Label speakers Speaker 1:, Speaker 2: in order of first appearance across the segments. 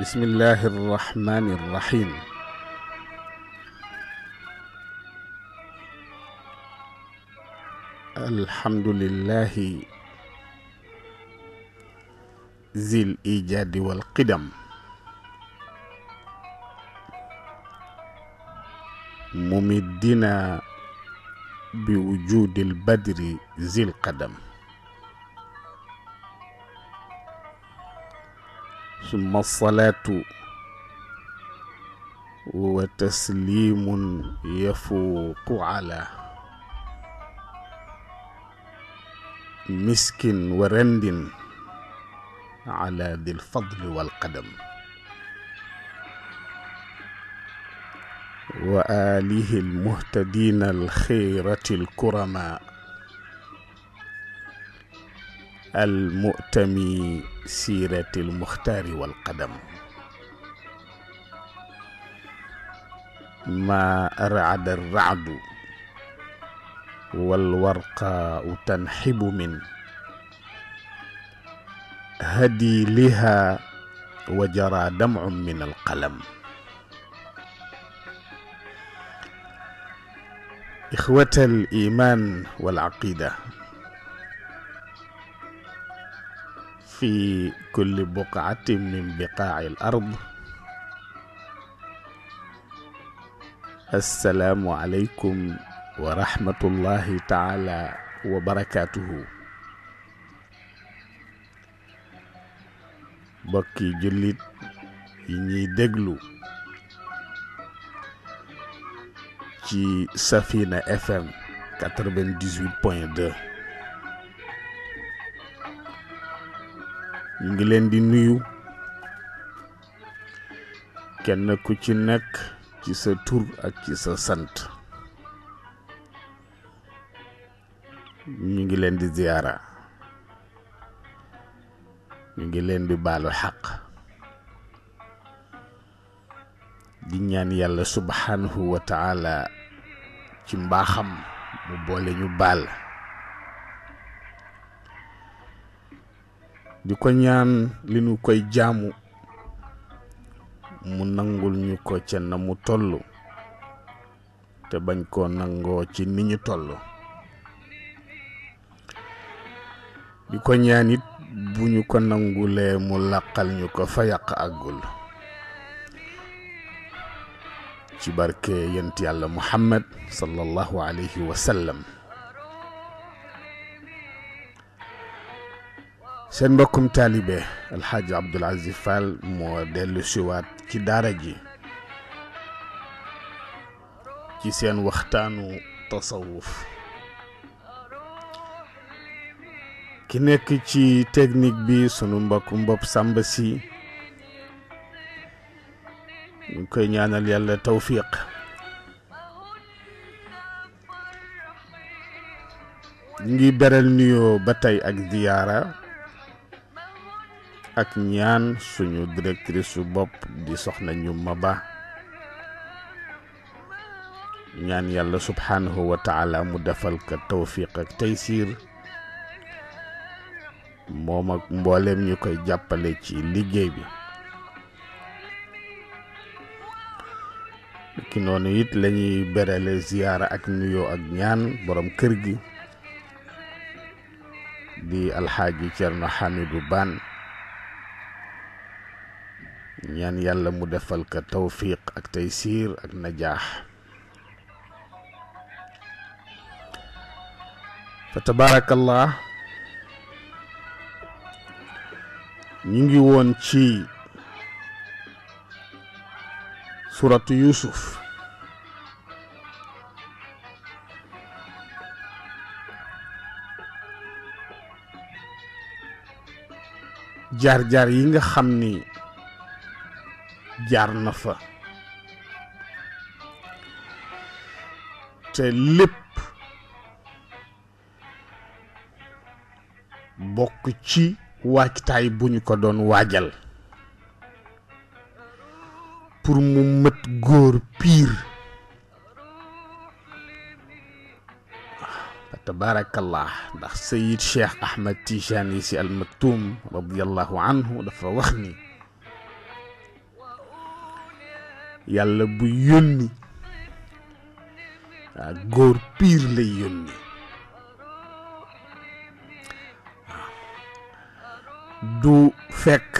Speaker 1: بسم الله الرحمن الرحيم الحمد لله ذي الإيجاد والقدم ممدنا بوجود البدر ذي القدم ثم الصلاة وتسليم يفوق على مسك ورند على ذي الفضل والقدم وآله المهتدين الخيرة الكرماء المؤتمي سيرة المختار والقدم ما أرعد الرعد والورقاء تنحب من هدي لها وجرى دمع من القلم إخوة الإيمان والعقيدة في كل بقعة من بقاع الأرض السلام عليكم ورحمة الله تعالى وبركاته بكي جلد يني دجلو في سفينة FM 98.2 ñu ngi leen di nuyu kenn ku ci nekk ci sa tur ak ci sa sant ñu ngi leen di ziyaara ñu ngi leen di baalu xaq di ñaan yàlla subhanahu wa ci mbaaxam mu boole ñu baal di ko ñaan li nu koy jaamu mu nangul ñu ko ca na mu toll te bañ koo nangoo ci ni ñu toll di ko ñaan it bu ñu ko nangulee mu làqal ñu ko fa yàq àggul ci barke yent yàlla muhammad sallallahu alayhi wa sallam seen mbokkum taalibe alxaaji Abdoul Aziz Fall moo dellu siwaat ci daara ji ci seen waxtaanu tasawuf ki nekk ci teknik bi sunu mbokkum bopp sàmb si ñu koy ñaanal yàlla tawfiq ñu ngi beral nuyoo ba tey ak ziyaara ak ñaan suñu directrice su bopp di soxna ñu ma ba ñaan yàlla subhaanahu wa taala mu defal ko tawfiq ak taysiir moom ak mbooleem ñu koy jàppale ci liggéey bi ki noonu it lañuy berale ziyaara ak nuyoo ak ñaan boroom kër gi di alxaaji Cerno Xamidu Baan ñaan yàlla mu defal ka tawfiq ak taysiir ak najaax fa tabaarakallah ñu ngi woon ci suratu yusuf jaar-jaar yi nga xam ni jaar na fa te lépp bokk ci waajtaay bu ñu ko doon waajal pour mu mët góor piir tabarakallah ndax sayid cheikh ahmad tijani si al maktum radiallahu anhu dafa wax ni yàlla bu yónni waaw góor piir lay yónni du fekk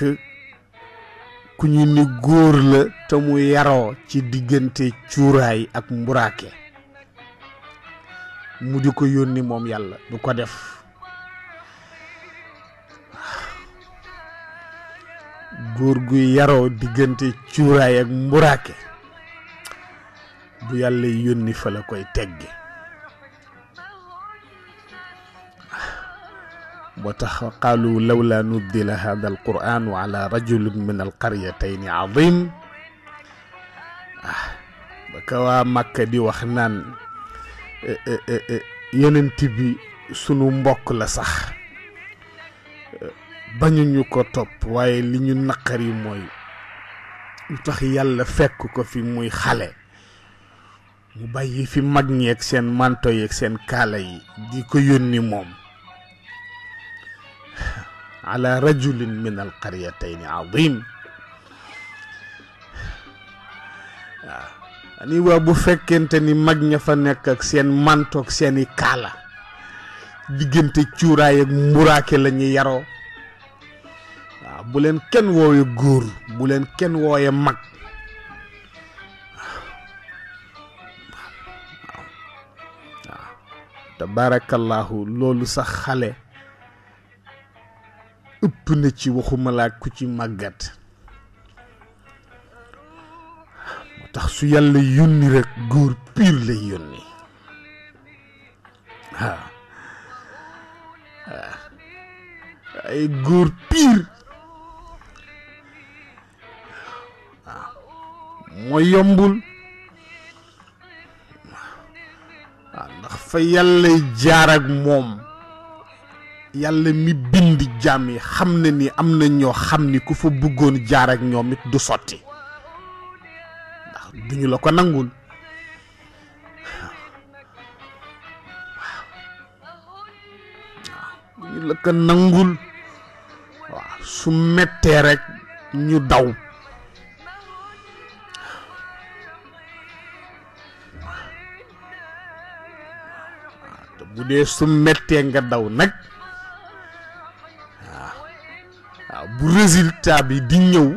Speaker 1: ku ñu ni góor la te mu yaroo ci diggante cuuraay ak mburaake mu di ko yónni moom yàlla du ko def góor guy yaroo diggante cuuraay ak mburaake bu yàlla yónni fa la koy teggi moo tax qaalu lawla nuddila hada al quranu ala rajulin min al qaryatayn azim ah ba ka waa màkka di wax naan eh, eh, eh, yonent bi sunu mbokk la sax bañuñu ko topp waaye li ñu naqari mooy lu tax yàlla fekk ko fi muy xale mu bàyyi fi mag ñeeg seen manto seen kaala yi di ko moom ala rajulin min al qaryatayn azim bu fekkente ni mag ña fa nekk ak seen mantoog seeni kaala diggante cuuraay ak mburaake la yaroo waaw leen kenn woowe góor buleen kenn wooye mag waaw waaw tabaarakallaahu loolu sax xale ëpp na ci waxuma laa ku ci màggat moo tax su yàlla yónni rek góor piir lay yónni waaw ay góor piir mooy yombul waaw ndax fa yàllay jaar ak moom yàlla mi bind jaam yi xam na ni am na ñoo xam ni ku fa bëggoon jaar ak ñoom it du sotti ndax duñu la ko nangul waaw duñu la ko nangul waaw su mettee rekk ñu daw bu dee su mettee nga daw nag waaw waaw bu résultat bi di ñëw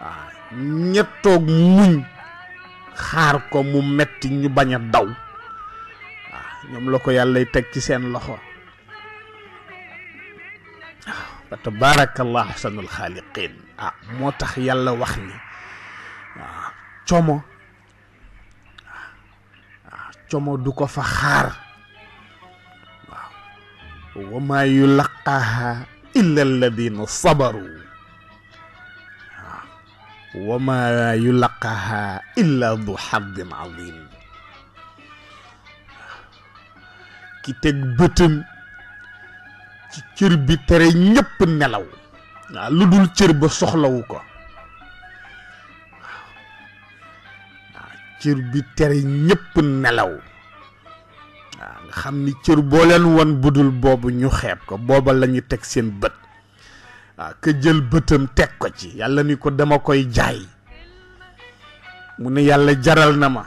Speaker 1: waaw ñettoog muñ xaar ko mu metti ñu baña daw waaw ñoom la ko yàllay teg ci seen loxo waaw fa tabaarakallahu ahsanul xaaliqin ah moo tax yàlla wax ni waaw como como du ko fa xaar wa maa yulaqaaha illa alladina sabaru waaw wa maa yulaqaaha illa du xaddin azim ki teg bëtam ci cër bi tere ñëpp nelaw lu dul cër ba soxlawu ko waaw cër bi tere ñëpp nelaw xam ni cër boo leen won budul boobu ñu xeeb ko booba la ñu teg seen bët waaw ah, ka jël bëtam teg ko ci yàlla ni ko dama koy jaay mu ne yàlla jaral na ma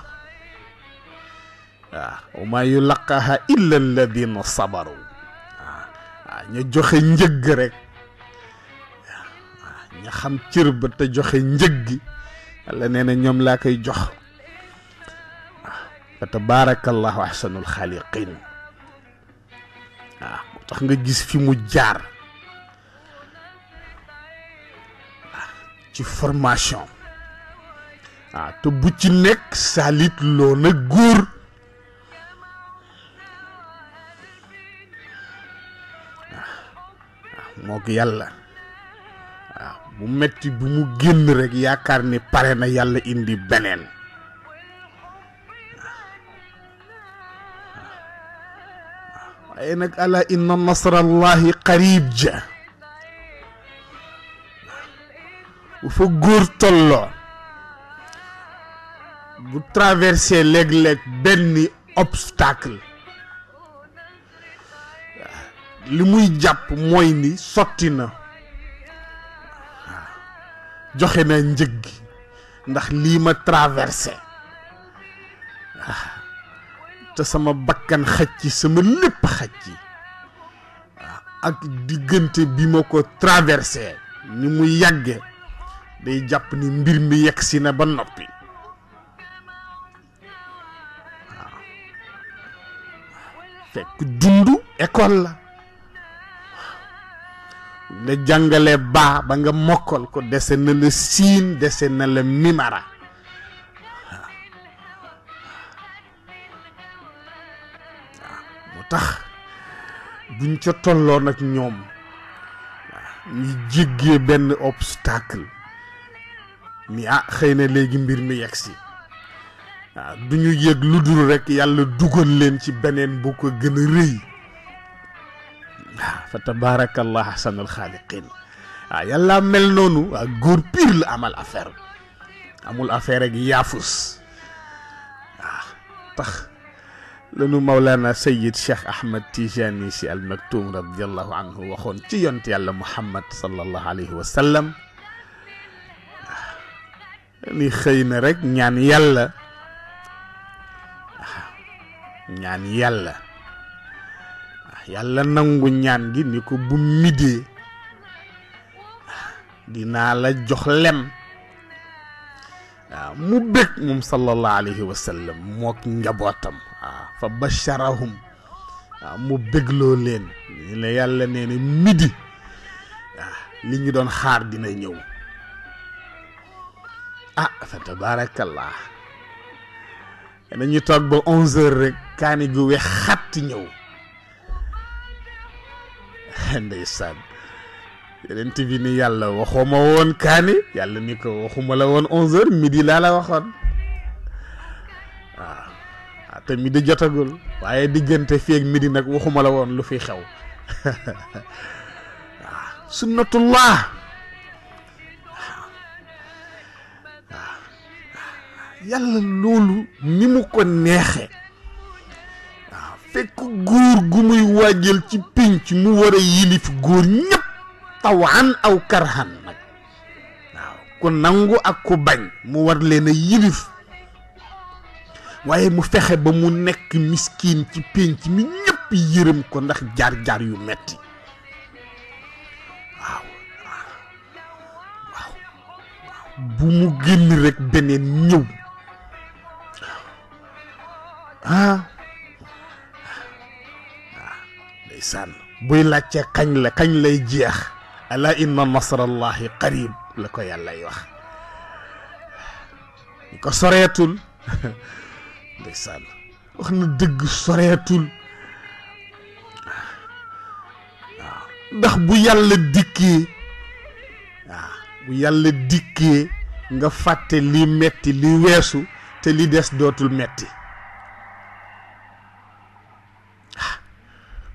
Speaker 1: waaw ah, wa maa yulaqaaha illa alladina sabaru waaw ah, ñu joxe njëgg rek waaw ña xam cër ba te joxe njëg gi yàlla nee na ñoom laa koy jox fa tabaarakallahu ahsanul xaaliqin waaw moo tax nga gis fi mu jaar ci formation waaw te bu ci nekk salit loo na góor waaw moo yàlla waaw bu metti bu mu génn rekk yaakaar ni pare na yàlla indi beneen عينك على ان نصر الله قريب جا وفوق وفجور طلع بترافيرسي لك لك بني اوبستاكل لموي جاب مويني سوتينا جوخينا نجيك ndax li ma traverser ah. te sama bakkan xaj ci sama lépp xaj ci ak diggante bi ma ko traversé ni mu yàgge day jàpp ni mbir mi yegg si na ba noppi waaw fekk dund école la la jàngale baa ba nga mokkal ko dese na la siin dese na la mimara tax buñ ca tolloo nag ñoom ñu jéggee benn obstacle ni ah xëy na léegi mbir mi yegg si waaw ah, du ñu yëg lu dul rekk yàlla dugal leen ci beneen bu ko gën a rëy waaw ah, fa tabaarakallah ahsanul xaaliqin waaw ah, yàlla mel noonu waaw góor piir la amal affaire amul affaire ak yaafus waaw tax lanu maulana sayid cheikh ahmed tijani si al maktum radiallahu anhu waxon ci yont yàlla muhammad salallahu alayhi wa sallam ni xeyna rek ñaan yàlla ñaan yàlla yàlla nangu ñaan gi ni ko bu midé dina la jox lem mu bekk moom salallahu alayhi wa sallam mook njabootam fa basharahum waaw mu bégloo leen ñu ne yàlla nee na midi li ñu doon xaar dina ñëw ah fa tabaarakallah dañu toog ba onze rek kaani gu weex xatt ñëw ndeysaan yeneen bi ni yàlla waxuma woon kaani yàlla ni ko waxuma la woon onze heures laa la waxoon te di jotagul waaye diggante fii ak midi nag waxuma la woon lu fi xew waaw sunnatullah waaw yàlla loolu ni mu ko neexe waaw fekk góor gu muy waajal ci pénc mu war a yilif góor ñëpp tawaan aw karhan nag waaw ku nangu ak ku bañ mu war leen a yilif waaye mu fexe ba mu nekk miskin ci pénc mi ñëpp yërëm ko ndax jaar-jaar yu metti bu mu génn rekk beneen ñëw ah buy laajte kañ la kañ lay jeex ala inna nasrallahi qarib la ko yàllay wax ñu ko soreetul ndeysaan wax na dëgg soreetul ndax bu yàlla dikkee waaw bu nga fàtte li metti li weesu te li des dootul metti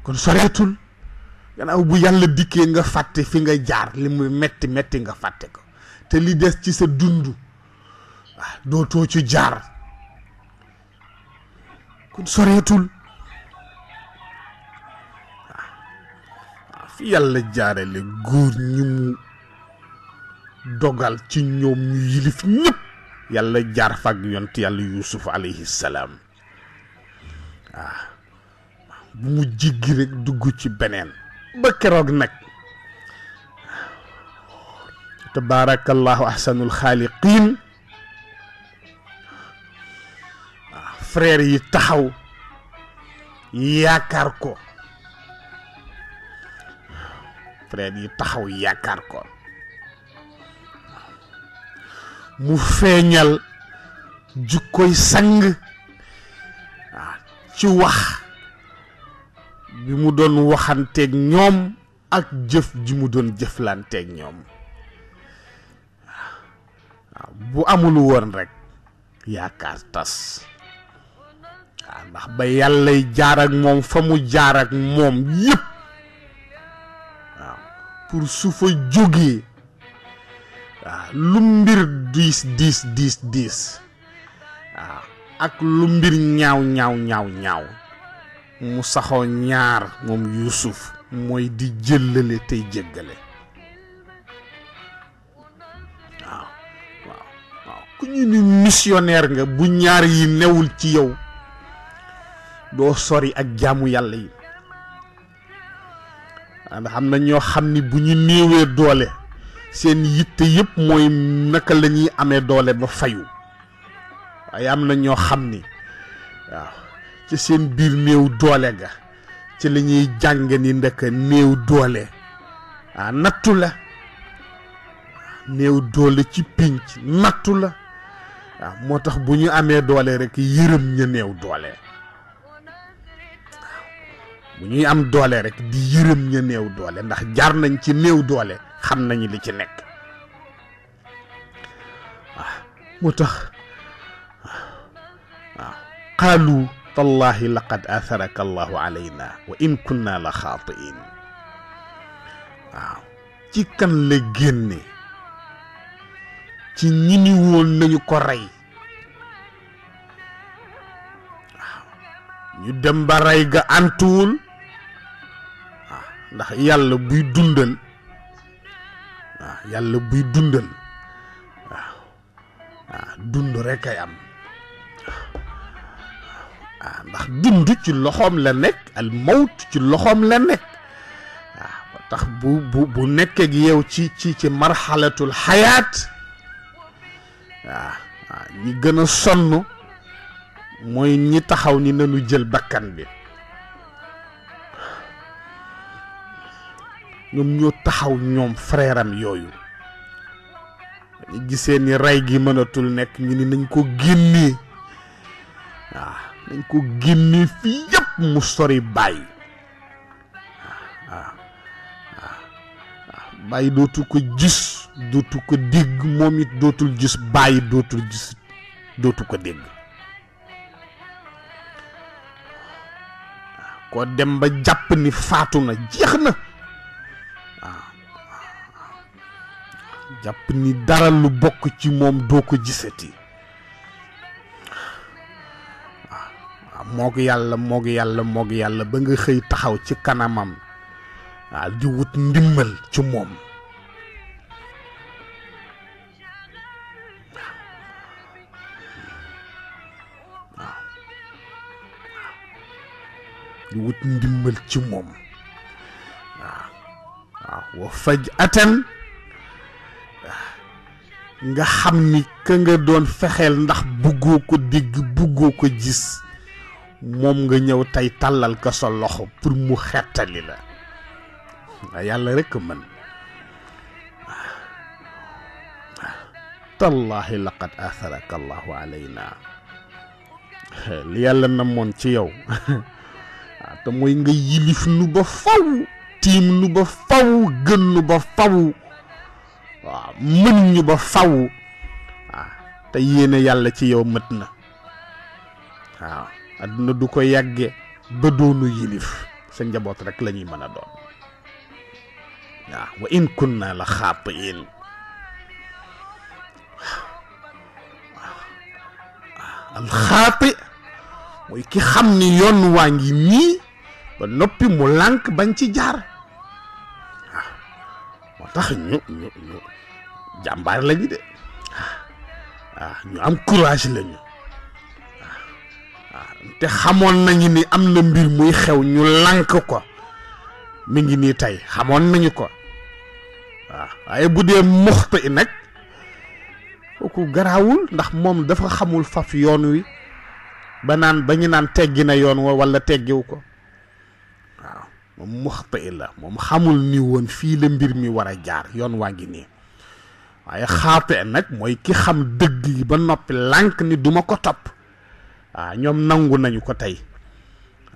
Speaker 1: kon soreetul gannaaw bu yàlla dikkee nga fàtte fi nga jaar li muy metti metti nga fàtte ko te li des ci sa dund waaw dootoo ci jaar kon soreetul waaw fi yàlla jaarale góor ñi mu dogal ci ñoom ñu yilif ñëpp yàlla jaar fag yont yàlla yuusuf alayhi salaam waaw ah, bu mu jiggi rek dugg ci beneen ba keroog nag ah, tabaarakallahu ahsanul xaaliqiin frère yi taxaw yaakaar ko frère yi taxaw yaakaar ko mu feeñal jukkoy sang ah, ci wax bi mu doon waxanteeg ñoom ak jëf ji mu doon jëflanteeg ñoom ah, bu amul woon rek yaakaar tas ndax ba yàlla jaar ak moom fa mu jaar ak moom yépp waaw pour su fa jógee waaw lu mbir diis diis diis diis ak lu mbir ñaaw ñaaw ñaaw ñaaw mu saxoo ñaar moom yusuf mooy di jëlale tey jéggale waaw waaw waaw ku ñu ni missionnaire nga bu ñaar yi newul ci yow doo sori ak jaamu yàlla yi ndax am na ñoo xam ni bu ñu néewee doole seen yitte yépp mooy naka la amee doole ba fayu waaye am na ñoo xam ni waaw ci seen biir néew doole ga ci li ñuy jàng ni ndekk néew doole ah nattu la néew doole ci pinc nattu la waaw moo tax bu ñu amee doole rek yërëm ña néew doole bu ñuy am doole rek di yërëm ña néew doole ndax jaar nañ ci néew doole xam nañu li ci nekk waaw ah, moo tax waaw ah, ah, qaalu tallahi laqad atharaka allahu alayna wa in kunna la xaatiin waaw ci kan la génne ci ñi woon nañu ko rey waaw ñu dem ba rey ga antuwul ndax yàlla buy dundal waaw yàlla buy dundal waaw waaw dund rek ay am waaw ndax dund ci loxoom la nekk al ci loxoom la nekk waaw tax bu bu bu nekkee ak yow ci ci ci marxalatul xayaat waaw waaw ñi gën a sonn mooy ñi taxaw ni nanu jël bakkan bi ñoom ñoo taxaw ñoom frère yooyu dañu gisee ni rey gi mënatul nekk ñu ni nañ ko génnee waaw nañ ko génnee fii yëpp mu sori bàyyi waaw waaw bàyyi dootul ko gis dootul ko dégg moom it dootul gis bàyyi dootul gis dootul ko dégg ko dem ba jàpp ni faatu na jeex na jàpp ni dara lu bokk ci moom doo ko gisati waaw ah, ah, moog yàlla mook yàlla moog yàlla ba nga xëy taxaw ci kanamam waaw ah, di wut ndimbal ci moom di wut ndimbal ci moom waaw waaw faj atan nga xamni ke nga doon fexel ndax buggoo ko dégg buggoo ko gis moom nga ñëw tey tàllal ko sa loxo pour mu xettali la nga yàlla rek man tallahi laqad atharaka allah alayna li yàlla namoon ci yow te mooy nga yilif nu ba faw tiim nu ba faw gën ba faw waaw mën ñu ba faw waaw te yéene yàlla ci yow mët na waaw adduna du ko yàggee ba doonu yilif sa njaboot rek lañuy ñuy mën a doon waaw wa in kunna la xaatiin alxaati mooy ki xam ni yoon waa ngi nii ba noppi mu lànk bañ ci jaar waaw moo tax ñu ñu ñu jàmbaar lañu de waaw ah, ñu am courage lañu waaw ah, ah, te xamoon nañu ni am na mbir muy xew ñu lànk ko mi ngi nii tey xamoon nañu ko waaw waaye bu dee muxta i nag kooku garaawul ndax moom dafa xamul faf yoon wi ba naan ba ñu naan teggi na yoon wa walla teggiw ko waaw moom muxta i la moom xamul ni woon fii la mbir mi war a jaar yoon waa ngi nii waaye xaatee nag mooy ki xam dëgg yi ba noppi lànk ni duma ko topp waaw ñoom nangu nañu ko tey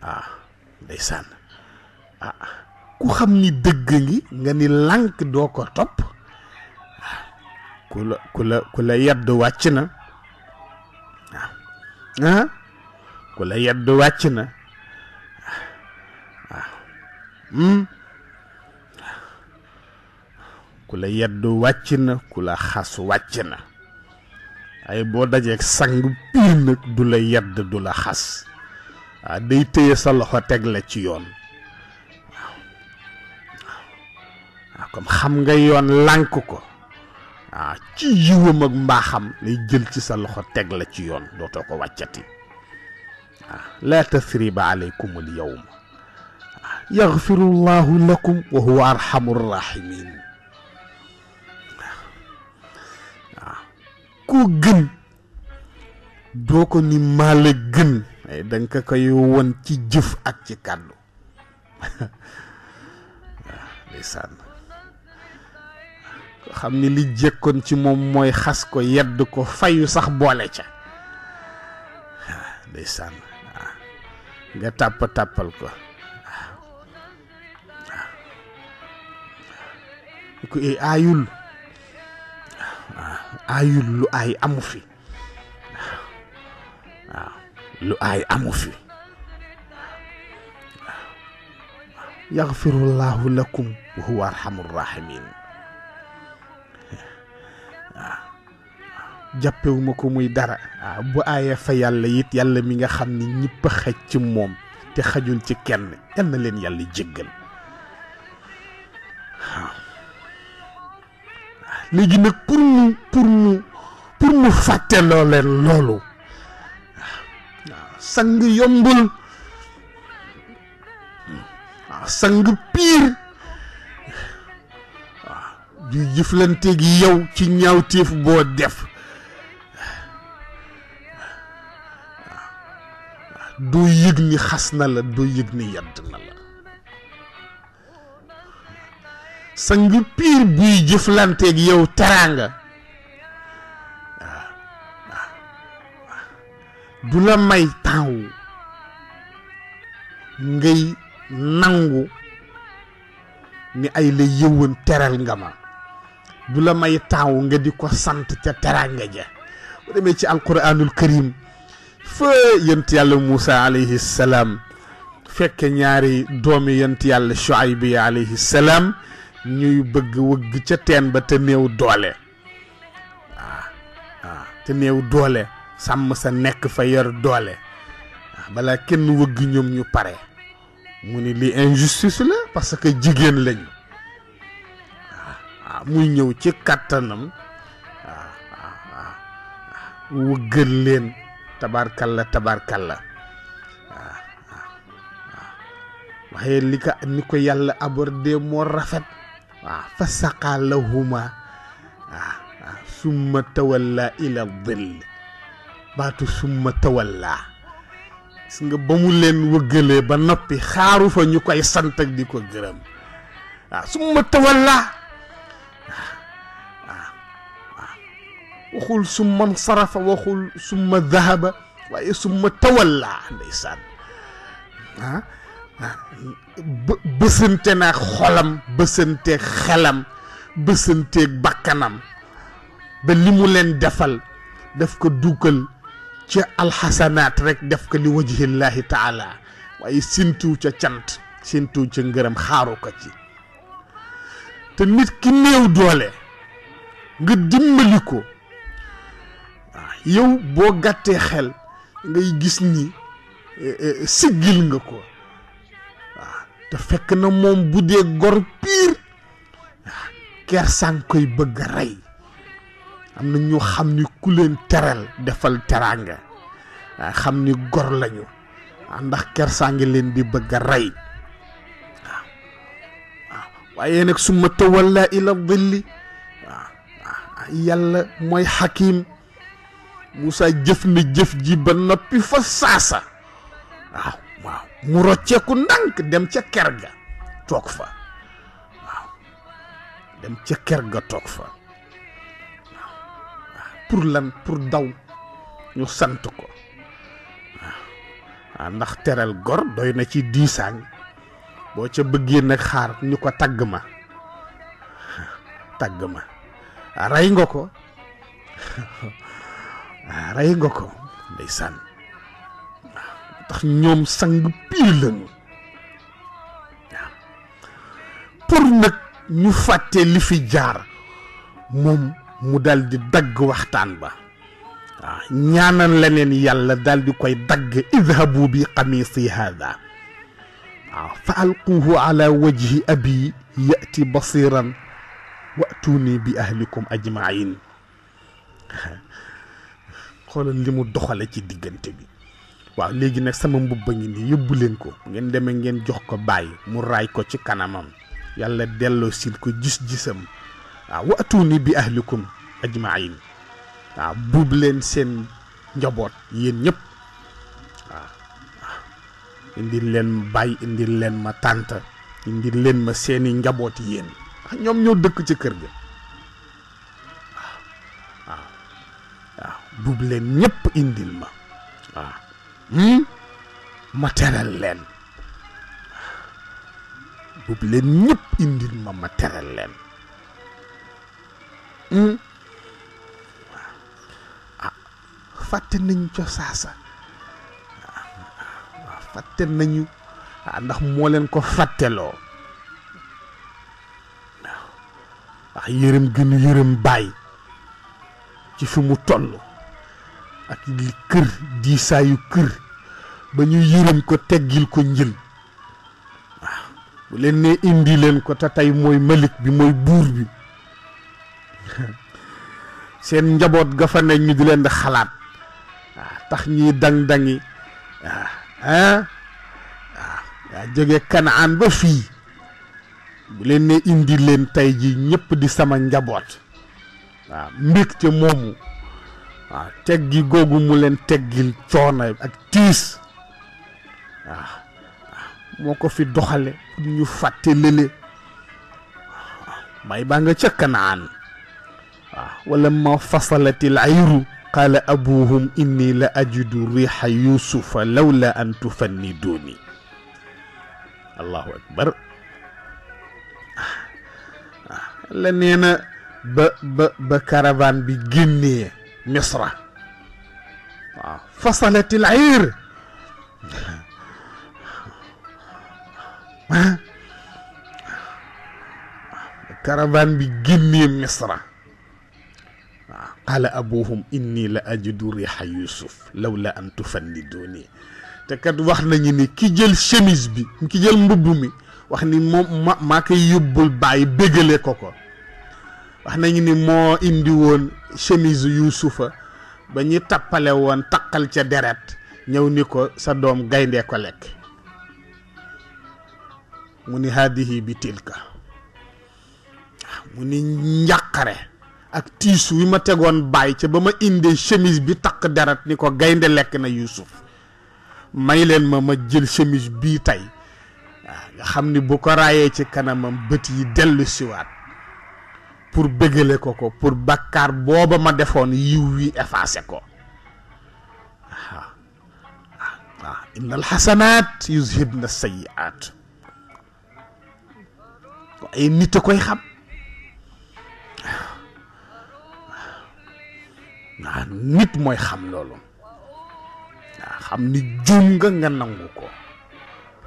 Speaker 1: waaw ndeysaan ah ku xam ni dëgg ngi nga ni lànk doo ko topp ku la ku la ku la yedd wàcc na waaw ah, ku la yedd wàcc na waaw hmm? ku la yeddu wàcc na ku la xas wàcc na ay boo dajeeg sang piir nag du la yedd du la xas waaw ah, day téye sa loxo teg la ci yoon waaw waaw ah, xam nga yoon lànk ko waaw ah, ci yiwam ak mbaaxam lay jël ci sa loxo teg la ci yoon dootoo ko wàccati waaw laa tasriba aleykum al yawma yaxfiru lakum wa huwa arhamu koo gën doo ko ni maa gën ay danga koy won ci jëf ak ci kàddu waaw ko xam ni li jëkkoon ci moom mooy xas ko yedd ko fayu sax boole ca waaw ndeysaan nga tàpp tàppal ko waaw waaw ko aayul aayul lu aay amu fi lu aay amu fi yaxfirullahu lakum wa huwa arhamur rahimin jàppewuma ko muy dara waaw bu aayee fa yàlla yit yàlla mi nga xam ni ñëpp a xaj ci moom te xajul ci kenn yal na leen yàlla jéggal léegi nag pour mu pour mu pour mu fàtte loo loolu sang yombul sang piir waaw di gi yow ci ñaawteef boo def waaw doo yëg ni xas na la doo yëg ni yedd na la sang piir buy jëflanteeg yow teraanga waaw ah, ah, ah. du la may temps ngay nangu ni ay la yëwoon teral nga ma du la may temps nga di ko sant ca teraanga ja bu demee ci alquranul karim fa yent yàlla Moussa alayhi salaam fekke ñaari doomi yent yàlla Shuayb bi salaam ñuy bëgg wëgg ca teen ba te néew doole waaw ah, ah, waaw te néew doole sàmm sa nekk fa yor doole ah, balaa kenn wëgg ñoom ñu pare mu ni lii injustice la parce que jigéen lañu waaw muy ñëw ci kàttanam waaw waaw wëggal leen tabarkalla tabarkalla waaw waaw waaye li ko ni ko yàlla abordé moo rafet waaw ah, fa saqaa lahuma waaw ah, ah, waaw summa tawalla ila dill baatu summa tawalla gis ba mu leen wëggalee ba noppi xaaru fa ñu koy sant ak di ko gërëm waaw summa tawalla waxul summa nsarafa waxul summa dahaba waaye summa tawalla ndeysaan ah bësante na xolam bësante xelam bësanteeg bakkanam ba li mu leen defal daf ko dugal ca alxasanaat rekk def ko li wajhillahi taala waaye sintuw ca cant sintuw ca ngërëm xaaru ko ci te nit ki néew doole nga dimbali ko yow boo gàttee xel ngay gis ni eh, eh, siggil nga ko te fekk na moom bu dee gor piir sang koy bëgg rey am ñu xam ku leen defal teranga xam ni gor lañu ndax kersaa sang leen di bëgg rey waaye nag su ma tawalla ila dilli yàlla mooy xakim Musa jëf na jëf ji ba noppi fa saasa waaw mu rocceeku ndànk dem ca ker ga toog fa waaw dem ca ker ga toog fa waaw pour lan pour daw ñu sant ko waaw ndax teral gor doy na ci diisaan boo ca bëggee nag xaar ñu ko tagg ma tàgg ma rey nga ko rey nga ko ndeysaan ndax pour nag ñu fàtte li fi jaar moom mu daldi dagg waxtaan ba waaw ñaanal leneen yàlla daldi koy dagg idhabu bi qamisi hada waaw fa alquhu ala wajhi abi yati basiran watuuni bi ahlikum ajmain xoolal li mu doxale ci diggante bi waaw léegi nag sama mbubb ngi nii yóbbu leen ko ngeen demee ngeen jox ko bàyyi mu raay ko ci kanamam yàlla delloo sil ko gis-gisam waaw wa atuuni bi ahlikum ajmain waaw buub leen seen njaboot yéen ñëpp waaw leen bàyyi indil leen ma tànt indil leen ma seeni njaboot yéen ñoom ñoo dëkk ci kër ga waaw waaw buub leen ñépp indil ma Hmm? ma teral leen boobu leen ñëpp indil ma ma teral leen hmm? ah, fàtte nañu cosaasa waaw ah, fàtte nañu ah, ndax moo leen ko fàtteloo waaw ndax yërëm gi nu yërëm bàyyi ci fi mu toll ak li kër diisaayu kër ba ñuy yërëm ko teggil ko njël waaw bu leen ne indi leen ko te tey mooy malik bi mooy buur bi seen njaboot ga fa ne ñu di leen di xalaat tax ñuy dang-dangi waaw ah waaw jóge kanaan ba fii bu leen ne indi leen tey ji ñëpp di sama njaboot waaw mbég ca moomu teggi googu mu leen teggil coono ak tiis waaw moo ko fi doxale ñu fàtte lële bay baa nga ca kanaan waaw wala ma fasalati l ayru qaala abuhum inni la ajidu riixa yuusufa lawla an tufanniduuni allahu akbar la nee ba ba ba bi génnee مصر فصلت العير كربان بجني مصر قال أبوهم إني لأجد ريح يوسف لولا أن تفندوني تكاد واخنا ني كي جيل شيميز بي كي جيل مبومي واخني ما كي يوبول باي بيغلي كوكو wax nañu ni moo indi woon chemise yuusufa ba ñu tappale woon takkal ca deret ñëw ni ko sa doom gaynde ko lekk mu ni haadihi bi tilka ah, mu ni njàqare ak tiisu wi ma tegoon bàyyi ca ba ma indee chemise bi takk deret ni ko gaynde lekk na yuusuf may leen ma ma jël chemise bii tey waaw ah, nga xam ni bu ko raayee ci kanamam bët yi dellu siwaat pour bëggale ko ko pour bàkkaar booba ma defoon yiw wi effacé ko waaw waaw ah, ah. inna alxasanaat yuzhibna sayiaat waaye nit a koy xam waaw ah. nit mooy xam loolu waaw xam ni juum nga nga nangu ko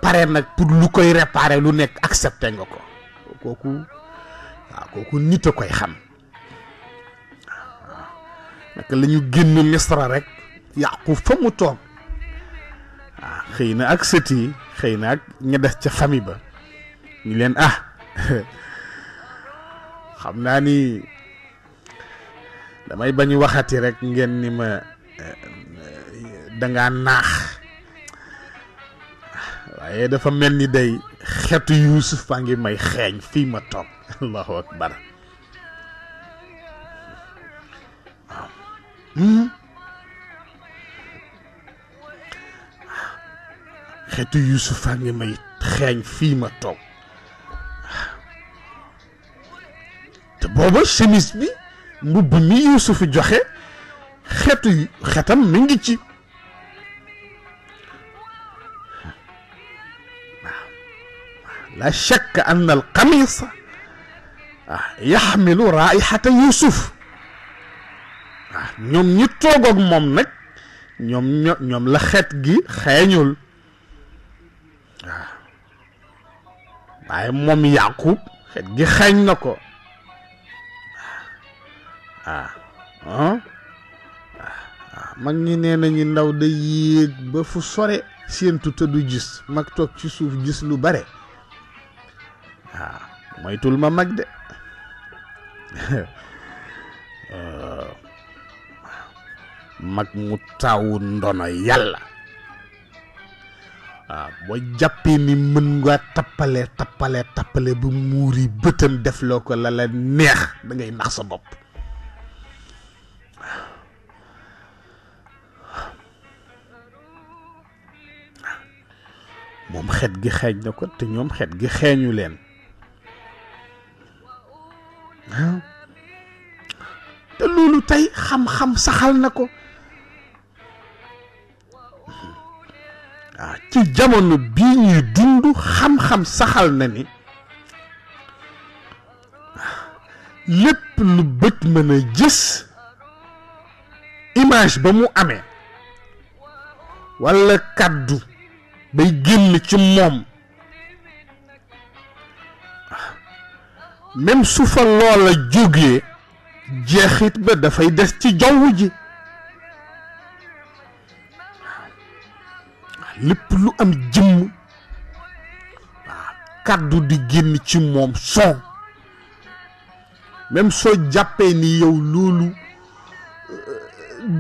Speaker 1: pare nag pour lu koy réparer lu nekk accepté nga ko kooku kooku nit a koy xam naka la ñu misra rek yàqu fa mu toog waaw ah, xëy na ak sët yi ak ña des ca famille ba ah xam ni damay bañu waxati rek ngeen ni ma eh, dafa day xetu yuusuf a ngi may xeeñ fii ma الله اكبر خيتو يوسف عندي ما يتخان في ما تو تبوبا شميس بي مبو مي يوسف جوخي خيتو خاتم منجيتي لا شك أن القميص waaw yaxmilu raihata yusuf waaw ah, ñoom ñi toog ak moom nag ñoom ño ñoom la xet gi xeeñul waaw ah, waaye moom yaqub xet gi xeeñ na ko ah, mag ñi nee nañu ndaw da yéeg ba fu sore séentu te du gis mag toog ci suuf gis lu bare moytul ma mag de mag mu taawu ndono yàlla waaw ah, boo jàppee ni mën nga tappale tappale tappale bu muur yi bëtam def loo ko la la neex da ngay nax sa bopp ah. moom xet gi xeeñ na ko te ñoom xet gi xeeñu leen te loolu tey xam-xam saxal na ko waaw ah, ci jamono bi ñuy dund xam-xam saxal na ni lépp lu bët mën a gis image ba mu amee walla kàddu bay génn ci moom même su fa loola jógee jeexit ba dafay des ci jaww ji lépp lu am jëmm waaw kàddu di génn ci moom son même soo jàppee ni yow loolu euh,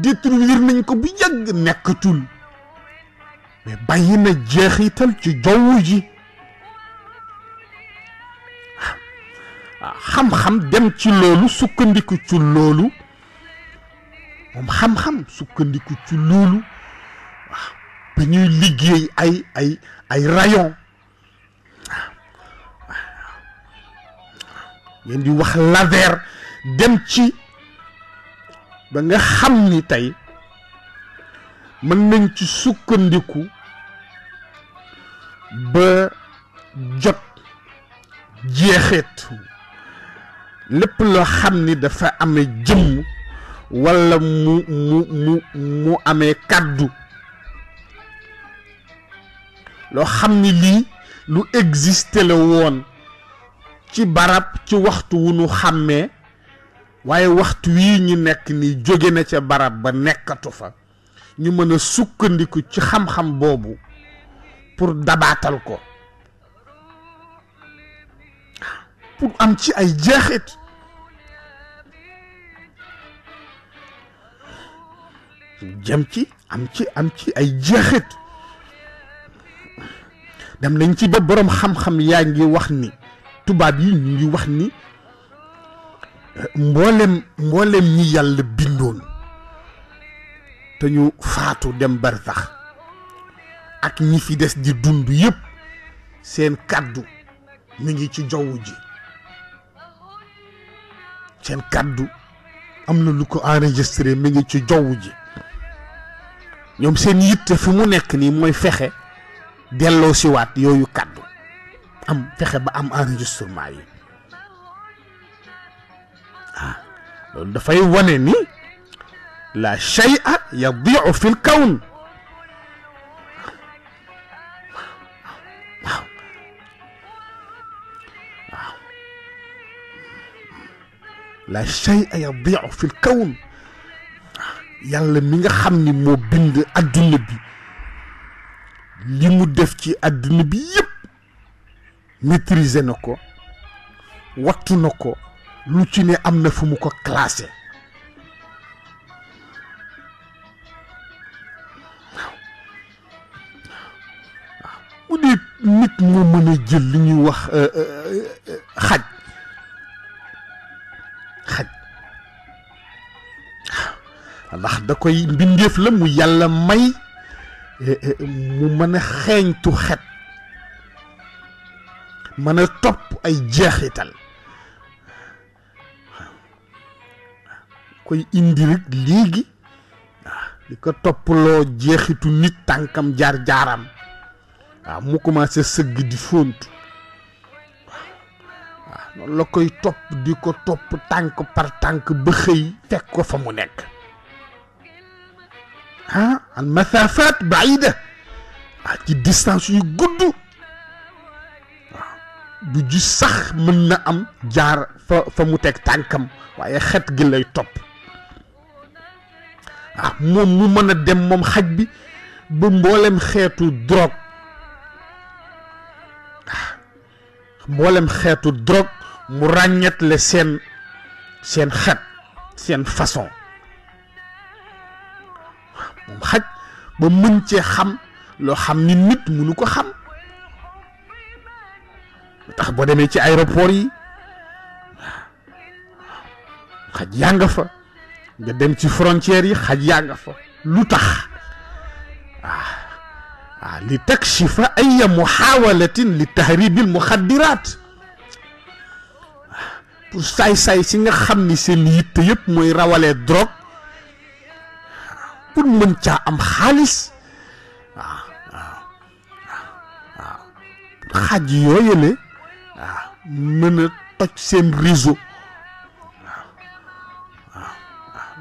Speaker 1: détruire nañ ko bu yàgg nekkatul mais bàyyi na jeexital ci jaww ji Ah, xam-xam dem ci loolu sukkandiku ci loolu moom xam-xam sukkandiku ci loolu waaw ba ñuy liggéey ay ay ay rayon ngeen di wax laver dem ci ba nga xam ni tey mën nañ ci sukkandiku ba jot jeexeet lépp loo xam ni dafa ame jëmm walla mu mu mu mu amee kàddu loo xam ni lii lu existé woon ci barab ci waxtu wu nu xàmmee waaye waxtu wii ñu nekk ni jóge na ca barab ba nekkatu fa ñu mën a sukkandiku ci xam-xam boobu pour dabaatal ko pour am ci ay jeexit jëm ci am ci am ci ay jeexit dem lañ ci ba boroom xam-xam yaa ngi wax ni tubaab yi ñu ngi wax ni mboolem mboolem ñi yàlla bindoon te ñu faatu dem barsax ak ñi fi des di dund yépp seen kàddu mi ngi ci jaww ji seen kàddu am na lu ko enregistré mi ngi ci jowwu ji ñoom seen yitte fi mu nekk nii mooy fexe delloo siwaat yooyu kàddu am fexe ba am enregistrement yi ah, loolu dafay wone ni la shay'a yadi'u fil kawn لا شيء يضيع في الكون يلا مين خامني مو بند ادنا بي لي مو ديف تي ادنا بي ييب ميتريزي نكو واتو نكو لو تي ني امنا فمكو كلاسي ودي نيت مو مني جيل لي ني واخ خاج xaj ndax da koy mbindeef la mu yàlla may eh, eh, mu mën a xeeñtu xet mën a topp ay jeexital koy indi rek léegi di ko topploo jeexitu nit tànkam jaar jaaram waaw mu commencé sëgg di fóontu la koy topp di ko topp tànk par tànk ba xëy fekk ko fa mu nekk ah an masafat baida waaw ah, ci distance yu gudd waaw ah, du ji sax mën na am jaar fa fa mu teg tànkam waaye xet gi lay topp ah moom mu mën a dem moom xaj bi ba mboolem xeetu drogue ah, mboolem xeetu drogue mu ràññat la seen seen xat seen façon moom xaj ba mën cee xam loo xam ni nit mënu ko xam tax boo demee ci aéroport yi xaj yaa nga fa nga dem ci frontières yi xaj yaa nga fa lu tax ah li takshifa ay muxaawalatin li tahribil muxaddiraat pour saay-saay si nga xam ni seen yitte yépp mooy rawalee drogue pour mën caa am xaalis waaw waaw waaw xaj yooyale waaw mën a toj seen réseau waaw waaw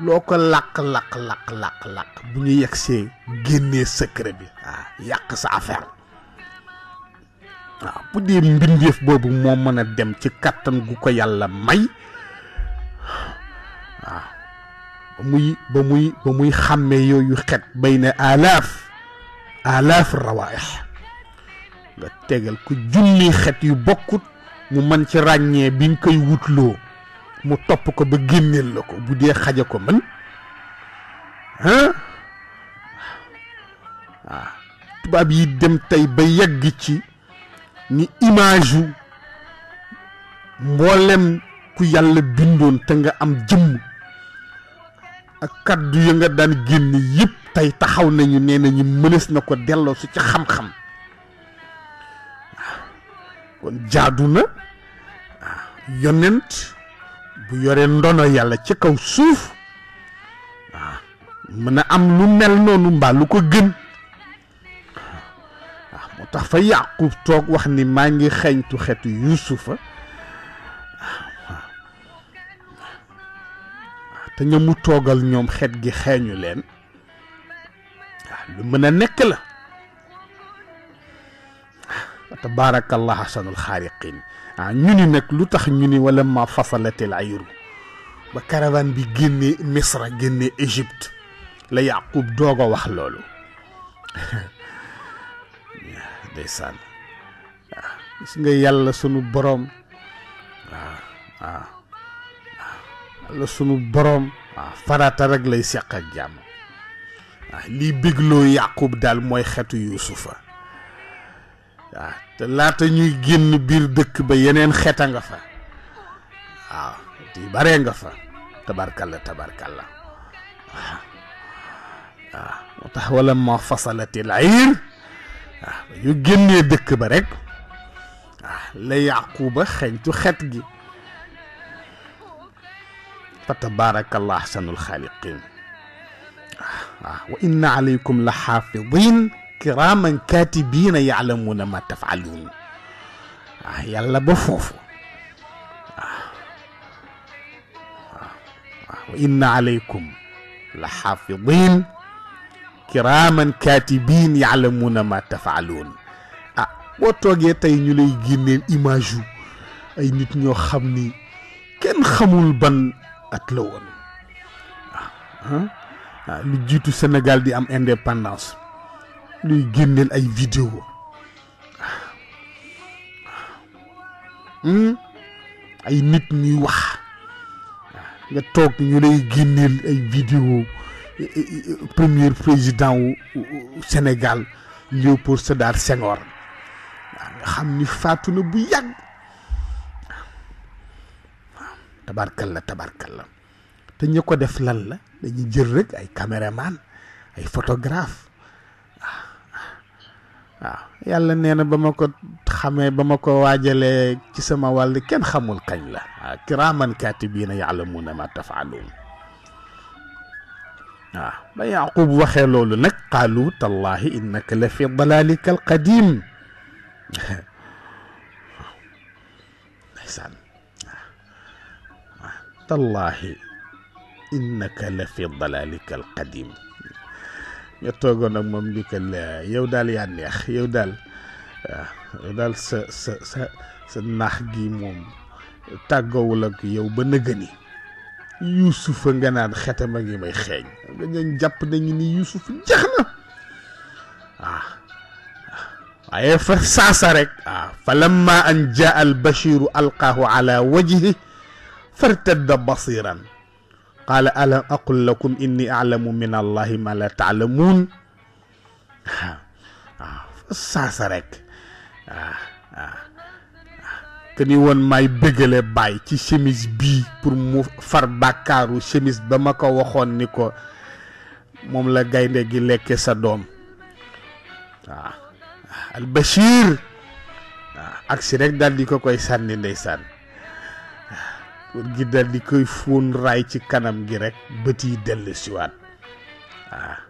Speaker 1: loo ko làq làq làq làq làq bu ñu yegsee génnee secret bi yàq sa affaire waaw bu dee mbindeef boobu moo mën a dem ci kàttan gu ko yàlla may waaw muy ba muy ba muy xàmmee yooyu xet bay na alaaf alaaf rawaayax nga tegal ko junni xet yu bokkut mu mën ci ràññee bi nga koy wutloo mu topp ko ba génneel la ko bu dee xaja ko mën ah waaw tubaab yi dem tey ba yegg ci ni image yu mboolem ku yàlla bindoon te nga am jëmm ak kàddu ya nga daan génn yëpp tey taxaw nañu nee nañu mënees na ko delloo su ci xam-xam kon jaadu na yonent bu yore ndono yàlla ci kaw suuf waaw mën a am lu mel noonu mbaa lu ko gën tax fa yàqub toog wax ni maa ngi xeeñtu xetu yuusufa te ña mu toogal ñoom xet gi xeeñu leen lu mën a nekk la tabaarakallah asanul xaariqin ah ñu ni nag lu tax ñu ni wala ma fasalatil ayru ba caravane bi génnee misra génnee égypte la yàqub doog a wax loolu ndeysaan gis nga yàlla sunu borom waaw waaw yàlla sunu borom waaw farata rek lay seq ak jàmm waaw lii bégloo yàqub daal mooy xetu yusufa waaw te laata ñuy génn biir dëkk ba yeneen xeta nga fa waaw di bare nga fa tabarkalla tabarkalla waaw waaw moo tax wala ma fasalati l waaw ba ñu génnee dëkk ba rek waaw la yàquba xeñtu xet gi fa tabaarakallah ahsanul xaaliqin waaw wa inna alaykum la xaafidin kiraman katibina yaalamuuna ma tafaluun waaw yàlla ba foofu waaw waaw wa inna alaykum la xaafidin kiraman katibin ya'lamuna ma taf'alun ah bo toge tay ñu lay guinnel image yu ay nit ño xamni ken xamul ban at la won ah lu jitu senegal di am indépendance luy guinnel ay vidéo hmm ay nit ñuy wax nga tok ñu lay guinnel ay vidéo première président wu Sénégal Léopold Sédar Senghor nga xam ni faatu na bu yàgg tabarkal la tabarkal la te ñu ko def lan la dañuy jël rek ay caméraman ay photographe waaw yàlla nee na ba ma ko xamee ba ma ko waajalee ci sama wàll kenn xamul kañ la waaw yàlla kaatibiina ya'lamuuna maa taf'aluun waaw ba yaqub waxee loolu nag qaalu tallahi innaka la fi dalalika al qadim ndeysaan waaw tallahi innaka la fi dalalika al qadim ñu toogoon ak moom ndikal yow daal yaa neex yow daal waaw yow daal sa sa sa sa naax gi moom tàggoowul ak yow ba nëgëni yuusufa nga naan xetam a ngi may xeeñ dañ jàpp nañu ni yuusuf jeex na ah waaye fa saasa rek ah fa lamma an jaa al bashiru alqaahu ala wajhi fartadda basiran قال ألم أقل لكم إني أعلم من الله ما لا تعلمون ساسرك آه آه que ni woon may bëggale bàyyi ci chemise bii pour mu far bàkkaaru chemise ba ma ko waxoon ni ko moom la gaynde gi lekke sa doom waaw al Bachir agsi rek daal di ko koy sànni ndeysaan pour gi dal di koy fóon raay ci kanam gi rekk bët yi dellu siwaat waaw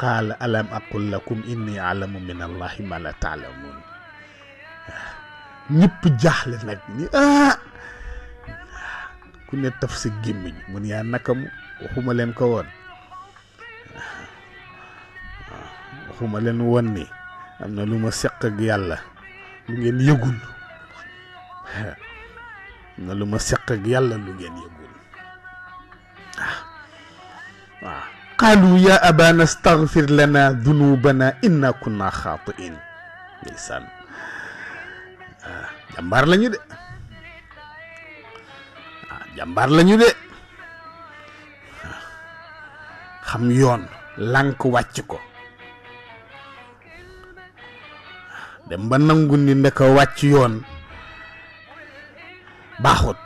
Speaker 1: qaala alam aqul lakum inni alamu min allahi ma la taalamuun ñepp jaaxle nak ni ah ku ne taf ci gémmiñ mun ya ah, nakam waxuma len ko won waxuma len won ni amna luma sekk ak yalla lu ngeen yegul na luma sekk ak yalla lu ngeen yegul ah, qalu ya abana lana dhunubana inna kunna khatin Ah, jàmbaar lañu de ah jàmbaar lañu de ah, xam yoon lank wàcc ko ah, dem ba nangu ni ndeka wàcc yoon baaxut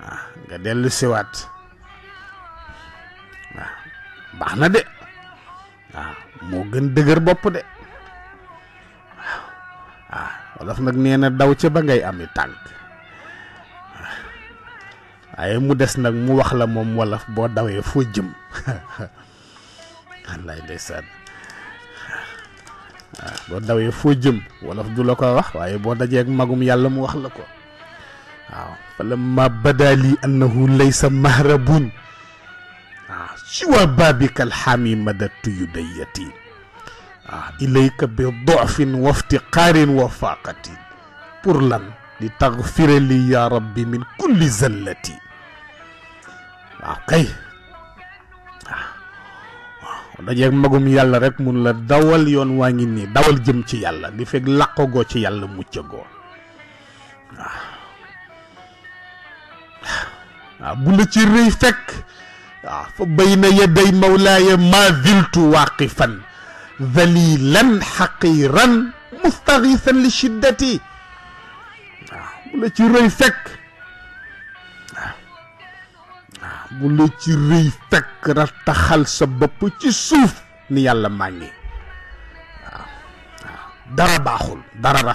Speaker 1: waaw nga dellu siwaat waaw baax na de waaw moo gën dëgër bopp de wolof nag nee na daw ca ba ngay ami tànk waaye mu des nag mu wax la moom wolof boo dawee foo jëm wallaay ndeysaan waaw boo foo jëm wolof du la ko wax waaye boo dajee ak magum yàlla mu wax la ko waaw falamma bada lii annahu laysa mahrabun waaw siwa baabikal xaami madattu yu day yatiin waaw ilayka bi dofin waftiqaarin wa pour lan di tagfira li ya rabbi min kulli zallati waaw kay waaw dajeeg magum yàlla rek mun la dawal yoon waa ngi nii dawal jëm ci yàlla li fekk làqogoo ci yàlla muccagoo waaw waaw bu la ci rëy fekk waaw fa bayna yaday mawlaaya ma waaqifan ذليلا حقيرا مستغيثا لشدتي آه، بولي تي فك آه، آه، بولي تي ري فك را تخال سا نيال تي سوف ني يالا ماغي دارا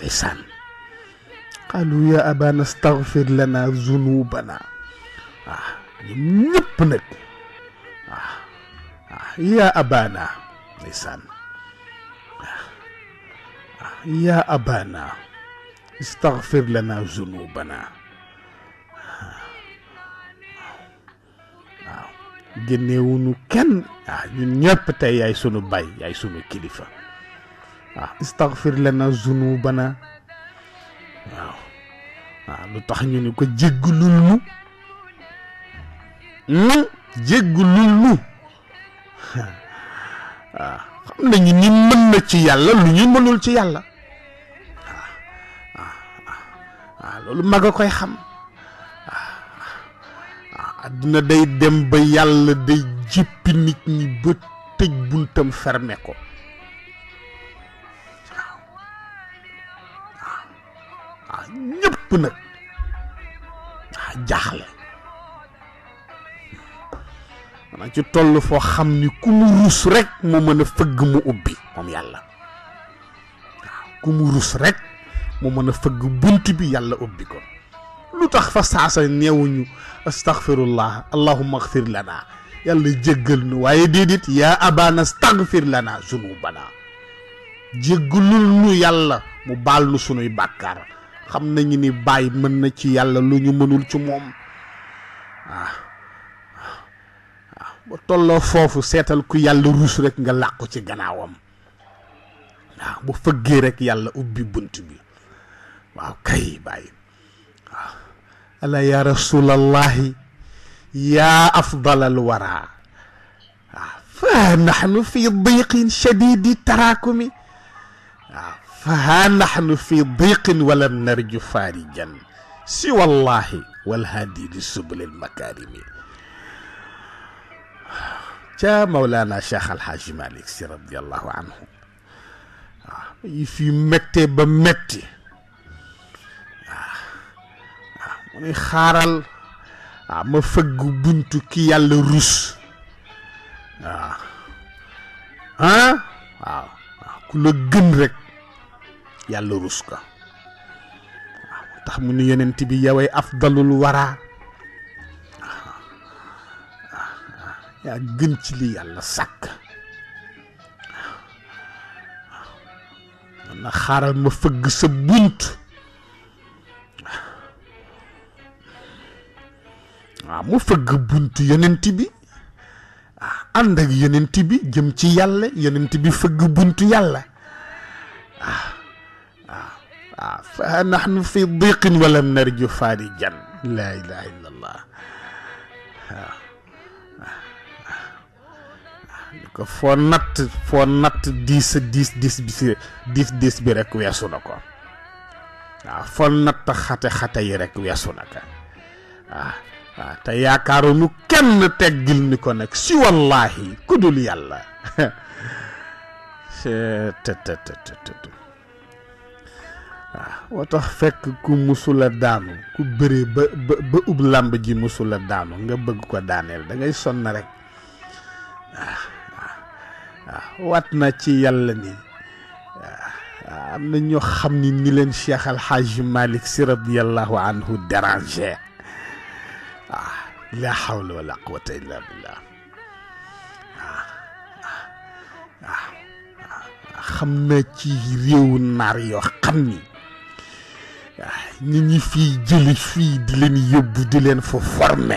Speaker 1: ديسان qaalu ya abana staghfir lana zunubana waaw ah, ñoom nag waaw ah, ah, waaw ya abana ndeysaan waaw waaw waaw génneewuñu kenn waaw ñun ñëpp tey yaay sunu baay yaay sunu kilifa waaw istaghfir waaw waaw lu tax ñu ni ko jéggulul nu hmm? jéggulul nu waaw ah, xam nañu ni mën na ci yàlla lu ñu mënul ci yàlla waaw ah, ah, loolu mag a koy xam àdduna day dem ba yàlla day jéppi nit ñi ba tëj buntam fermé ko ñëpp nag ah jaaxle maanaam ci toll foo xam ni ku mu rus rek mu mën a fëgg mu ubbi moom yàlla waaw ku mu rus rek mu mën a fëgg bunt bi yàlla ubbi ko lu tax fa saasa neewuñu astaghfirullah allahumma ighfir lana yàlla jéggal nu waaye déedéet yaa abana astaghfir lana zunubana jéggalul nu yàlla mu baal nu sunuy bàkkaar xam nañu ni bàyyi mën na ci yàlla lu ñu mënul ci moom waaw ah. ah. waaw ba tolloo foofu seetal ku yàlla ruus rek nga làqu ci gannaawam waaw ah. bu fëggee rekk yàlla ubbi bunt bi waaw kay bàyyi waaw ala ya rasulallahi yaa afdalal wara waaw fa nahnu fi diqin shadidi taraakumi فها نحن في ضيق ولم نرج فارجا سوى الله والهادي لسبل المكارم جاء مولانا شيخ الحاج مالك سي رضي الله عنه آه، في متي بمتي آه، آه، موني خارل ما waaw ma كي buntu ki ها rus waaw ah waaw yàlla rus ko waaw tax mu ni yonent bi yaway afdalul wara yaa gën ci li yàlla sàkk waaw na xaaral ma fëgg sa bunt waaw mu fëgg bunt yonent bi ànd ak yonent bi jëm ci yàlla yonent bi fëgg bunt yàlla ah fa nahnu fi diqin walam narju farijan laa ilaha illa foo natt foo natt diis diis diis bi si weesu na ko waaw foo natt xate-xate yi rek weesu na ko waaw te yaakaaru nu kenn teggil ni ko nag si wallaahi ku dul yàlla te te te te moo tax fekk ku musula daanu ku bëree ba ba ba làmb ji musula daanu nga bëgg ko daaneel dangay ngay sonn rek waaw waat na ci yàlla ni am na ñoo xam ni ni leen Cheikh Al Hadj Malick Sy radiyallahu xam na ci réewu naar yoo xam ni Ah, ñi ñi fi jëli fi di leen yóbbu di leen fa formé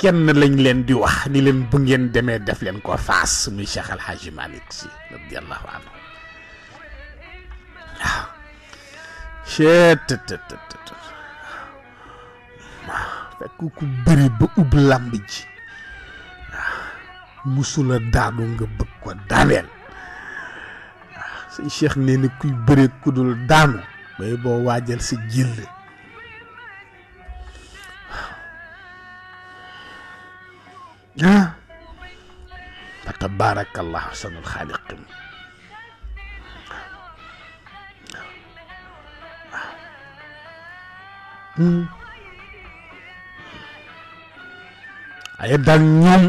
Speaker 1: kenn lañ leen di wax ni leen bu ngeen demee def leen ko faas muy cheikh alhaji malik si radiallahu anhu waaw ah. chetttt ah, fekk ku bëri ba ub lamb ji musula daanu nga bëgg ko daaneel sëñ cheikh nee kuy bëre kudul daanu bay boo waajal si jël waaw ah. fa tabaarakallahu ahsanul xaaliqin waaye hmm. daal ñoom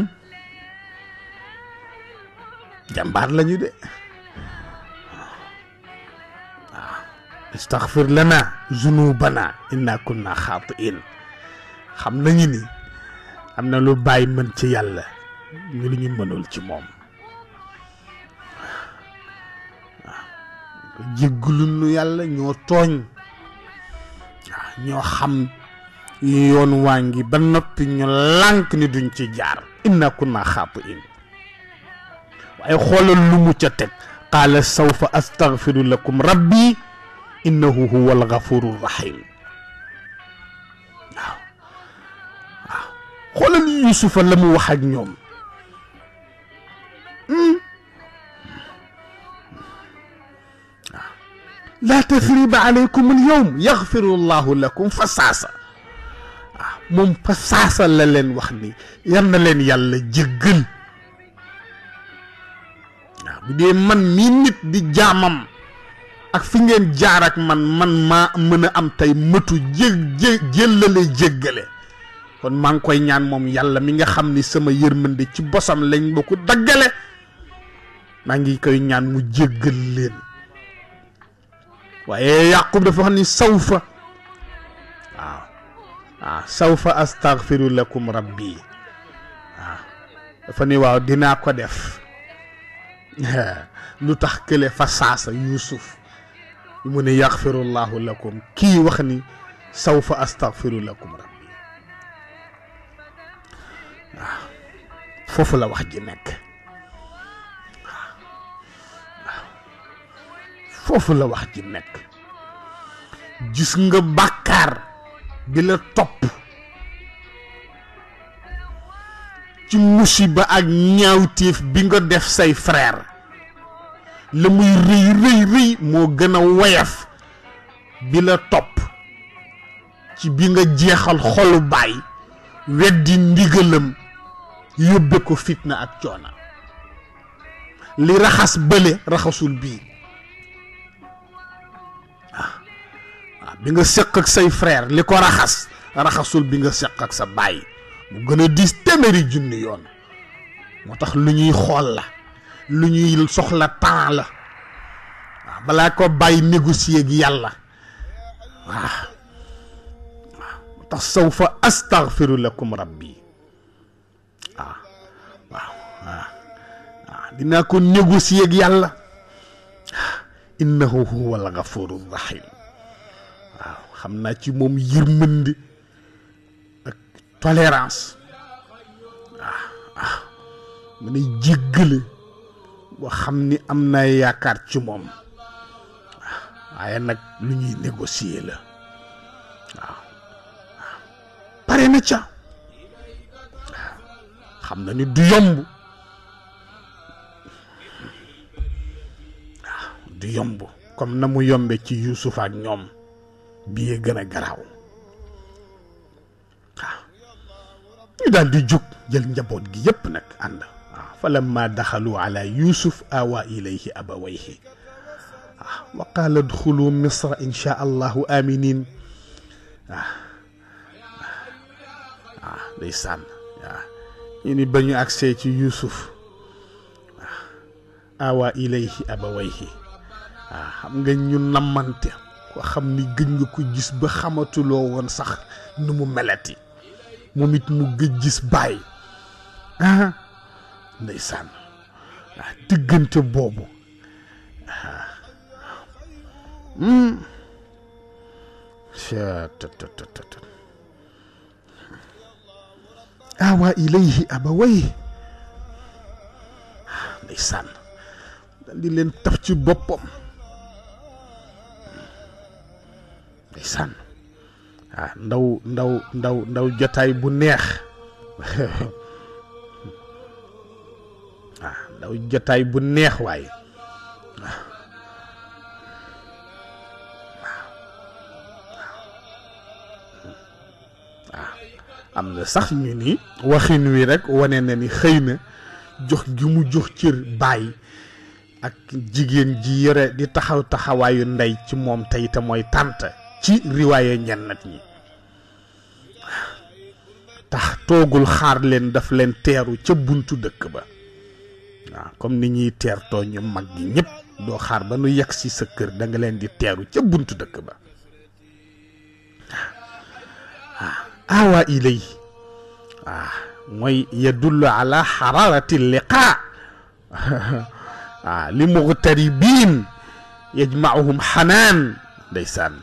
Speaker 1: jàmbaar lañu de istaxfir lana zunubana inna kunna xaatiin xam nañu ni am na lu bàyyi mën ci yàlla ñu lu ñu mënul ci moom waaw jéggulu nu yàlla ñoo tooñ ñoo xam yoon waa ngi ba noppi ñu lànk ni duñ ci jaar inna kunna xaatiin waaye xoolal lu mu ca teg qaala sawfa astaxfiru lakum rabbi إنه هو الغفور الرحيم نعم. نعم. خلال يوسف لم وحد نيوم نعم. لا تثريب عليكم اليوم يغفر الله لكم فصاصة مم فصاصة للين وخني يرنا لين يالا جغل بدي من مينت دي جامم ak fi ngeen jaar ak man man maa mën a am tey mëtu jé jé jëllale jéggale kon maa ngi koy ñaan moom yàlla mi nga xam ni sama yërmande ci bosam lañ ma daggale maa ngi koy ñaan mu jéggal leen waaye yàqub dafa xam sawfa waaw waaw sawfa astaghfiru lakum rabbi dafa ni waaw dinaa ko def lu tax kële fa saasa yuusuf mu ne yaxfirullahu lakum kii wax ni sawfa astaghfiru lakum rabbi waaw foofu la wax ji nekk la wax ji nekk gis nga bàkkaar bi la topp ci musiba ak ñaawteef bi nga def say frère la muy rëy rëy rëy moo gën a woyaf bi la topp ci bi nga jeexal xolu baay weddi ndigalam yóbbe ko fitna ak coona li raxas bële raxasul bii waaw ah, ah, bi nga séq ak say frère li ko raxas raxasul bi nga séq ak sa baay mu gën a diis téeméeri junni yoon moo tax lu ñuy xool la lu ñuy soxla temps la waaw ko bàyyi négocier gi yàlla tax saw astaghfiru lakum rabbi waaw waaw waaw ko négocier ak yàlla innahu huwa al rahim waaw ci moom yërmande ak tolérance waaw waaw mu ne boo xam ni am naa yaakaar ci moom waaye nag lu ñuy négocier la waaw pare na ca xam na ni du yomb waaw du yomb comme na mu yombe ci Yuusuf ak ñoom bii gën a garaaw waaw ñu daal jóg jël njaboot gi yépp nag ànd falamma daxalu ala yusuf awa ilayhi abawayhi ah, wa qaala adxulu misra inchaa allahu aminin waaw waaw day sànn waaw ñu ni ba ñu agsee ci yusuf waaw ah, awa ilayhi abawayhi waaw ah, xam nga ñu nammante ko xam ni gëj nga ko gis ba xamatuloo woon sax nu mu melati moom it mu gëj gis bàyyi ndeysaan ah diggante boobu hmm. awa ilayhi abaway ndeysaan dal di leen taf ci boppam ndeysaan ah ndaw ndaw ndaw ndaw jotaay bu neex aw jotaay bu neex waaye am na sax ñu ni waxin wi rek wane na ni xëy na jox gi mu jox cër baay ak jigéen ji yore di taxaw taxawaayu ndey ci moom tey te mooy tànta ci riwaaye ñennat ñi tax toogul xaar leen daf leen teeru ca buntu dëkk ba waaw comme ni ñuy teertoo ñu mag gi ñëpp doo xaar ba nu yegg si sa kër da leen di teeru ca buntu dëkk ba ah awa ilay ah mooy yadullu ala xararati liqaa ah li muxtaribin yajmaahum xanaan ndeysaan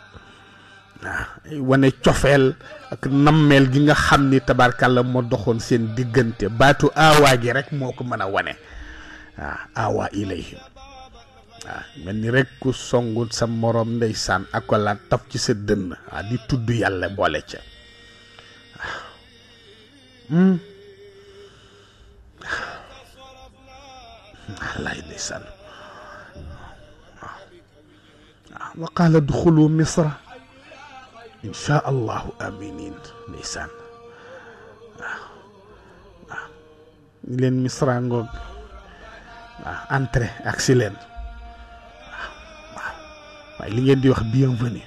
Speaker 1: ah wane cofeel ak nammeel gi nga xam ni tabarkàlla moo doxoon seen diggante baatu aawaa gi rek moo ko mën a wane waaw ah, awa ilayhim waaw ah, mel ni rek ku songul sa moroom ndeysaan akolaat taf ci sa dënn waaw ah, di tudd yàlla boole ca waaw hmm? wallaay ndeysaan waaw wa waaw waaw leen misra ngoog Ah, ah, waaw entrée ak si leen waaw waaw waaye li ngeen di wax bienvenue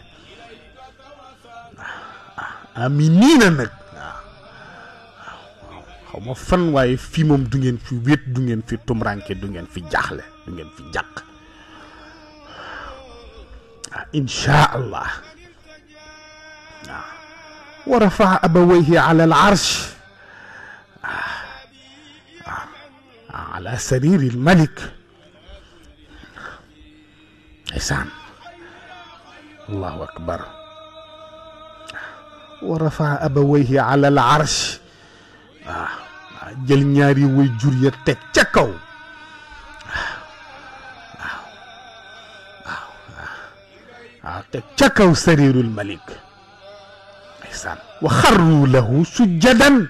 Speaker 1: ah, waaw ami nii na nag xaw ma fan waaye fii moom du ngeen fi wéet du ngeen fi tumranke du ngeen fi jaaxle du ngeen fi jàq waaw inchaa allah waaw wa rafaa arsh على سرير الملك حسام الله اكبر ورفع ابويه على العرش آه، جل نياري وي جوريا تك تك تكاو سرير الملك حسام وخروا له سجدا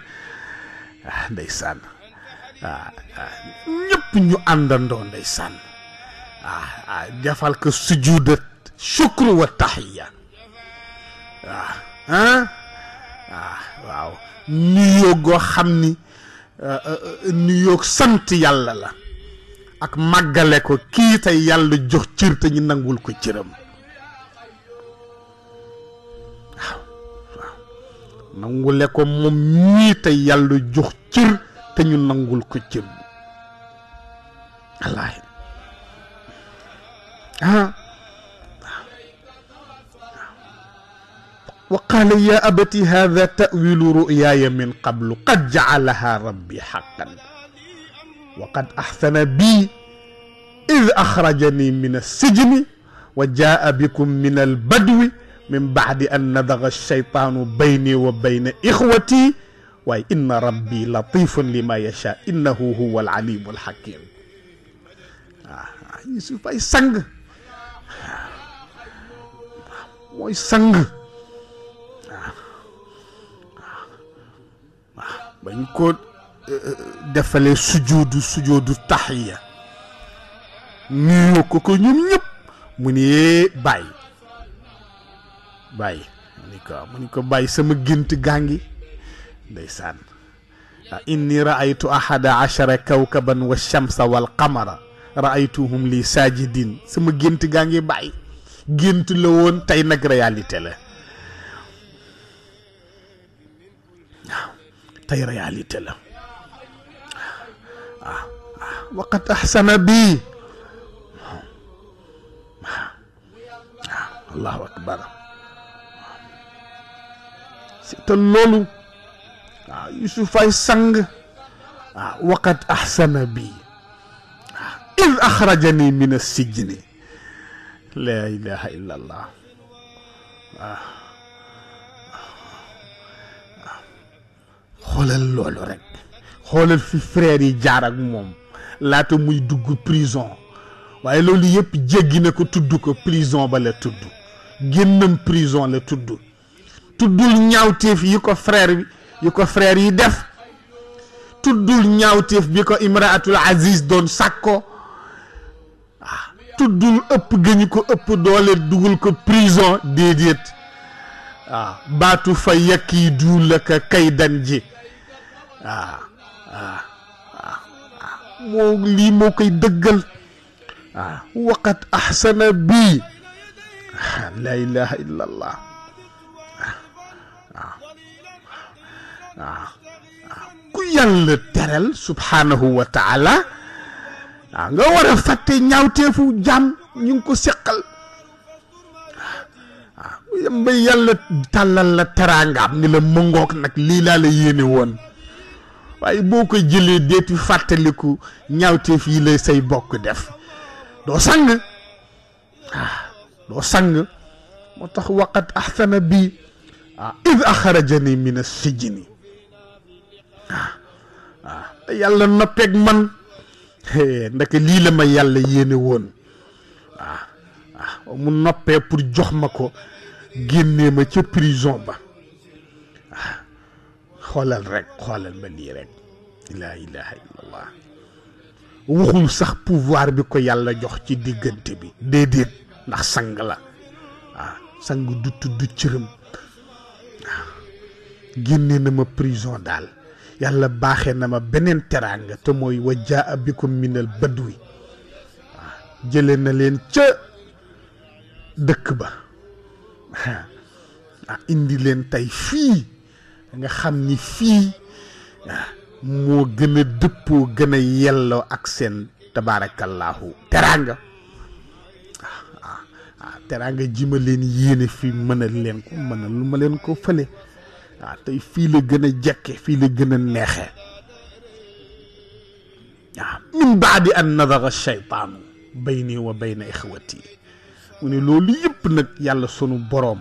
Speaker 1: ديسان آه، ñëpp ñu àndandoo ndeysaan ah defal ah, ko sujudat shukru wa taxiya waaw ah, ah waaw goo xam ni eh, eh, eh, nuyoo sant yàlla la ak màggale ko kii tey yàlla jox cër te ñu nangul ko ciram waaw waaw nangule ko moom ñii tey yàlla jox cër te ñu nangul ko jëm wallaahi ah وقال يا أبت هذا تأويل رؤياي من قبل قد جعلها ربي حقا وقد أحسن بي إذ أخرجني من السجن وجاء بكم من البدو من بعد أن نضغ الشيطان بيني وبين إخوتي waaye inna rabbi latifun li ma yacha innahu huwa al alimu al hakim waaw ah, ah, Yuusuf ay sang ah, mooy sang waaw waaw bañ ko eh, eh, defalee sujoodu sujoodu taxiya nuyu ko ko ñoom ñëpp mu ne eh, bàyyi bàyyi mu mu ni ko bàyyi sama gént gaa ndeysaan inni raaytu ahada achara kawkaban wa shamsa wal qamara raaytuhum li sajidin sama gént gaa ngi bàyyi gént la woon tey nag réalité la waaw tey réalité la waaw waaw akbar te loolu waaw Yuusufay sang waaw ah, waqad ahsana bi waaw ah, id axrajani min assijni laa ilaha illa waaw ah, xoolal loolu rek xoolal fi frère yi jaar ak moom laata muy dugg prison waaye loolu yëpp jéggi na ko tudd ko prison ba la tudd génnam prison la tudd tuddul ñaawteef yi ko frère bi yu ko frère yi def tuddul ñaawteef bi ko imraatul aziz doon sàkko ah, tuddul ëpp gëñu ko ëpp doole dugal ko prison déedéet ah, baatu fa yakki duul kaydan ji ah, moo lii moo koy dëggal waaw waqat ahsana la ilaha illa waaw ku yàlla teral subhaanahu wa taala waaw nga war a fàtte ñaawteefu jàmm ñu ngi ko seqal waaw ba yàlla tàllal la teraangaam ni la mëngook nag lii laa la yéene woon waaye boo koy jëlee deeti fàttaliku ñaawteef yi la say bokk def doo sang doo sang moo tax waqat axsana bi ah id axrajani min assijni waaw ah. ah. yàlla noppeeg man ndeke lii la ma yàlla yéene woon waaw ah. mu noppee pour jox ma ko génnee ma ca prison ba xoolal rekk xoolal ma lii rekk laa ilaha illallah waxul sax pouvoir bi ko yàlla jox ci diggante bi déedéet ndax sang la waaw sang du tudd cërëm waaw génne na ma prison daal yàlla baaxe na ma beneen teraanga te mooy wa jaa bikum minal badwi waaw jële na leen ca dëkk ba indi leen tey fii nga xam ni fii moo gën a dëppoo gën a yelloo ak seen tabaarakallaahu teraanga ah ah teraanga ji ma leen yéene fii mënal leen ko mënal lu ma leen ko fële waaw tey fii la gën a jekke fii la gën a neexee waaw min baadi an nadara cheytaanu bayni wa bayna ixwati mu ne loolu yëpp nag yàlla sunu boroom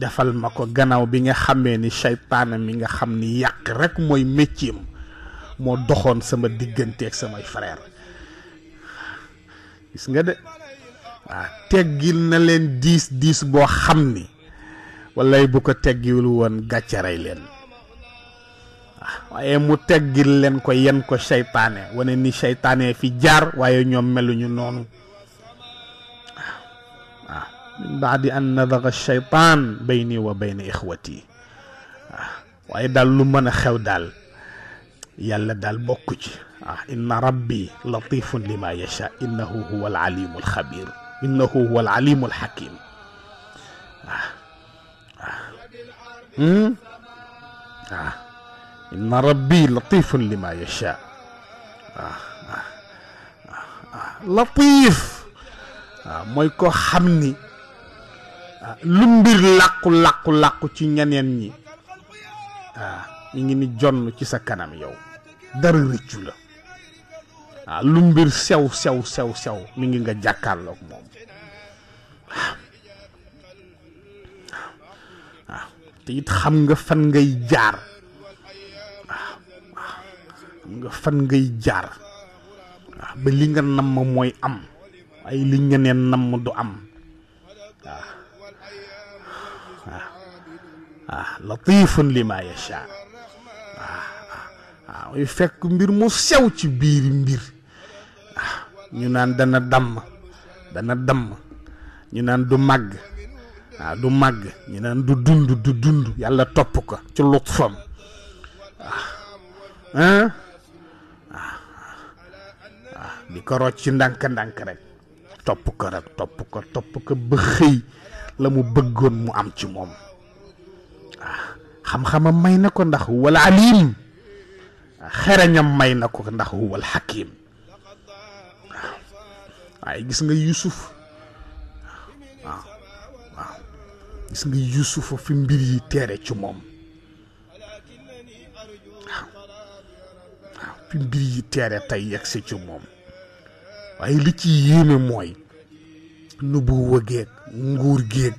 Speaker 1: defal ma ko gannaaw bi nga xamee ni cheytaana mi nga xam ni yàq rekk mooy métier am moo doxoon sama diggante ak samay frère gis nga de waaw teggil na leen diis diis boo xam ni wallay bu ko teggiwul woon gàccaray leen waaye mu teggil leen ko yen ko seytaane wane ni seytaane fi jaar waaye ñoom meluñu noonu waaw min baadi an nadaga seytaan bayni wa bayna ixwati waaye daal lu mën a xew daal yàlla daal bokku ci ah inna rabbi latifun lima yasha innahu huwa alalimu alxabir innahu huwa alalimu alxakim ah hmm? ah inna rabbi latifun lima yasha ah, ah, ah, ah. latif ah, mooy ko laku laku ah, lu mbir làqu làqu làqu ci ñeneen ñi ah, ñi ngi ah, sew sew sew sew mi ngi nga te it xam nga fan ngay jaar waaw waaw xam nga fan ngay jaar waaw ba li nga namm mooy am ay li nga ne namm du am waaw waaw waaw latifun waaw waaw fekk mbir mu sew ci biir mbir waaw ñu naan dana damm dana damm ñu naan du màgg waaw ah, du màgg ñu naan du dund du dund yàlla topp ko ci lutfam hein ah. waaw ah. di ko rocc ndank ndank rek topp ko rek topp ko topp ko ba xëy la mu bëggoon mu am ci moom xam may na ko ndax wal alim xereñam may na ko ndax wal hakim waaye gis nga yusuf gis nga yusufa fi mbir yi teere ci moom waaw fi mbir yi teere tey yegsi ci moom waaye li ci yéeme mooy nu bu géeg nguur géeg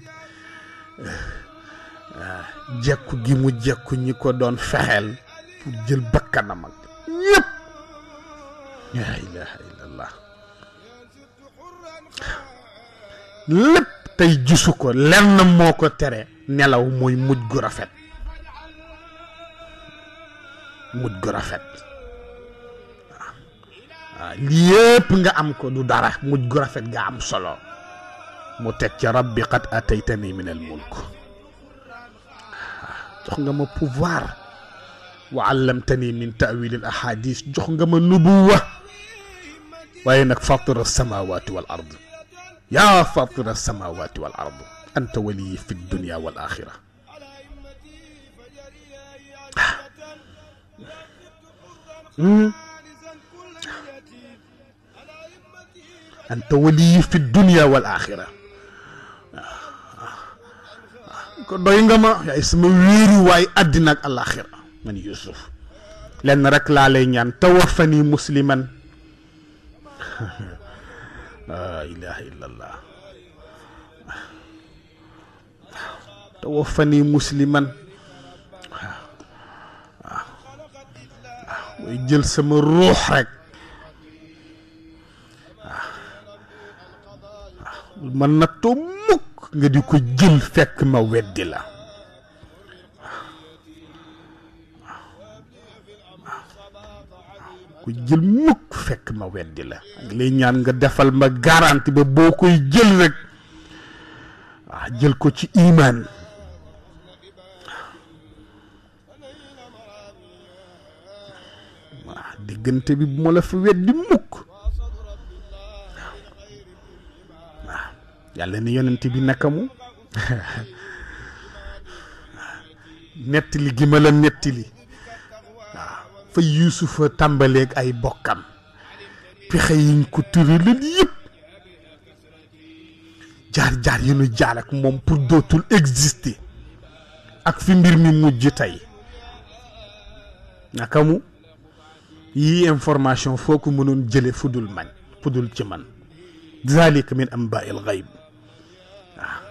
Speaker 1: eh, jekku gi mu jekku ñi ko doon fexeel pour jël bakkanam ak ñëpp laa ilaha illallah lépp tey gisu ko lenn moo ko tere nelaw mooy mujj gu rafet mujj gu rafet waaw lii yëpp nga am ko du dara mujj gu rafet nga am solo mu teg ca rabbi qad ataytani min al mulk jox nga ma pouvoir wa allamtani min tawil al ahadis jox nga ma nubuwa waaye nag fatir as samawati wal ard يا فاطر السماوات والارض انت ولي في الدنيا والاخره أمم. انت ولي في الدنيا والاخره دوينغاما يا اسم ويري واي ادناك الاخره من يوسف لان رك لا لي نيان توفني مسلما laa ilaha illallah tawaffani musliman waaw waaw mooy jël sama ruux rek waaw waaw man nattoo mukk nga di ko jël fekk ma weddi la ko jël mukk fekk ma weddi la ak lay ñaan nga defal ma garanti ba boo koy jël rek waaw ah, jël ko ci imaan waaw diggante bi bu ma la fa weddi mukk waaw yàlla ni yonent bi naka mu nettali gi ma la nettali fa yuusufa tàmbaleek ay bokkam pexe yiñ ko tëralal yëpp jaar-jaar yu nu jaar moom pour dootul exister ak fi mbir mi mujj tey naka mu yii information foo ko mënoon jële fu dul man fu dul ci man dalika min amba il xayb waaw ah, ah,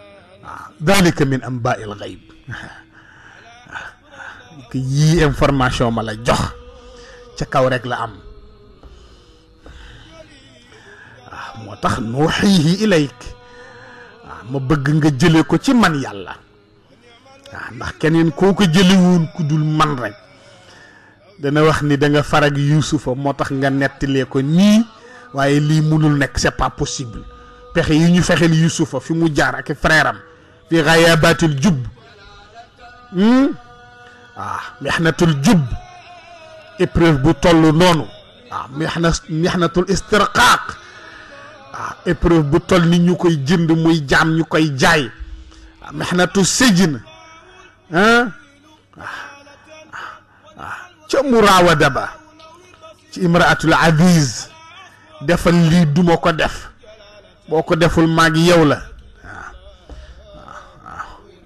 Speaker 1: waaw dalika min amba il xayb yii information ma la jox ca kaw rek la am ah, moo tax nuuxiihi ilayk ah, ma bëgg nga jëlé ko ci man yalla waaw ah, ndax keneen koku ko woon man rek dana wax ni da nga farag yuusufa moo tax nga nettalee ko ni waye li mënul nek c'est pas possible pexé yi ñu fexé fi mu jaar ak fréram fi ghayabatul jub hmm? ah mihnatul jub إبريل بطل نونو محنة محنة الاسترقاق إبريل بطل نيو كي جند موي جام نيو كي جاي محنة السجن ها تي مراوة دابا امرأة العزيز دفل لي دوما كو دف بوكو دفل ماك يولا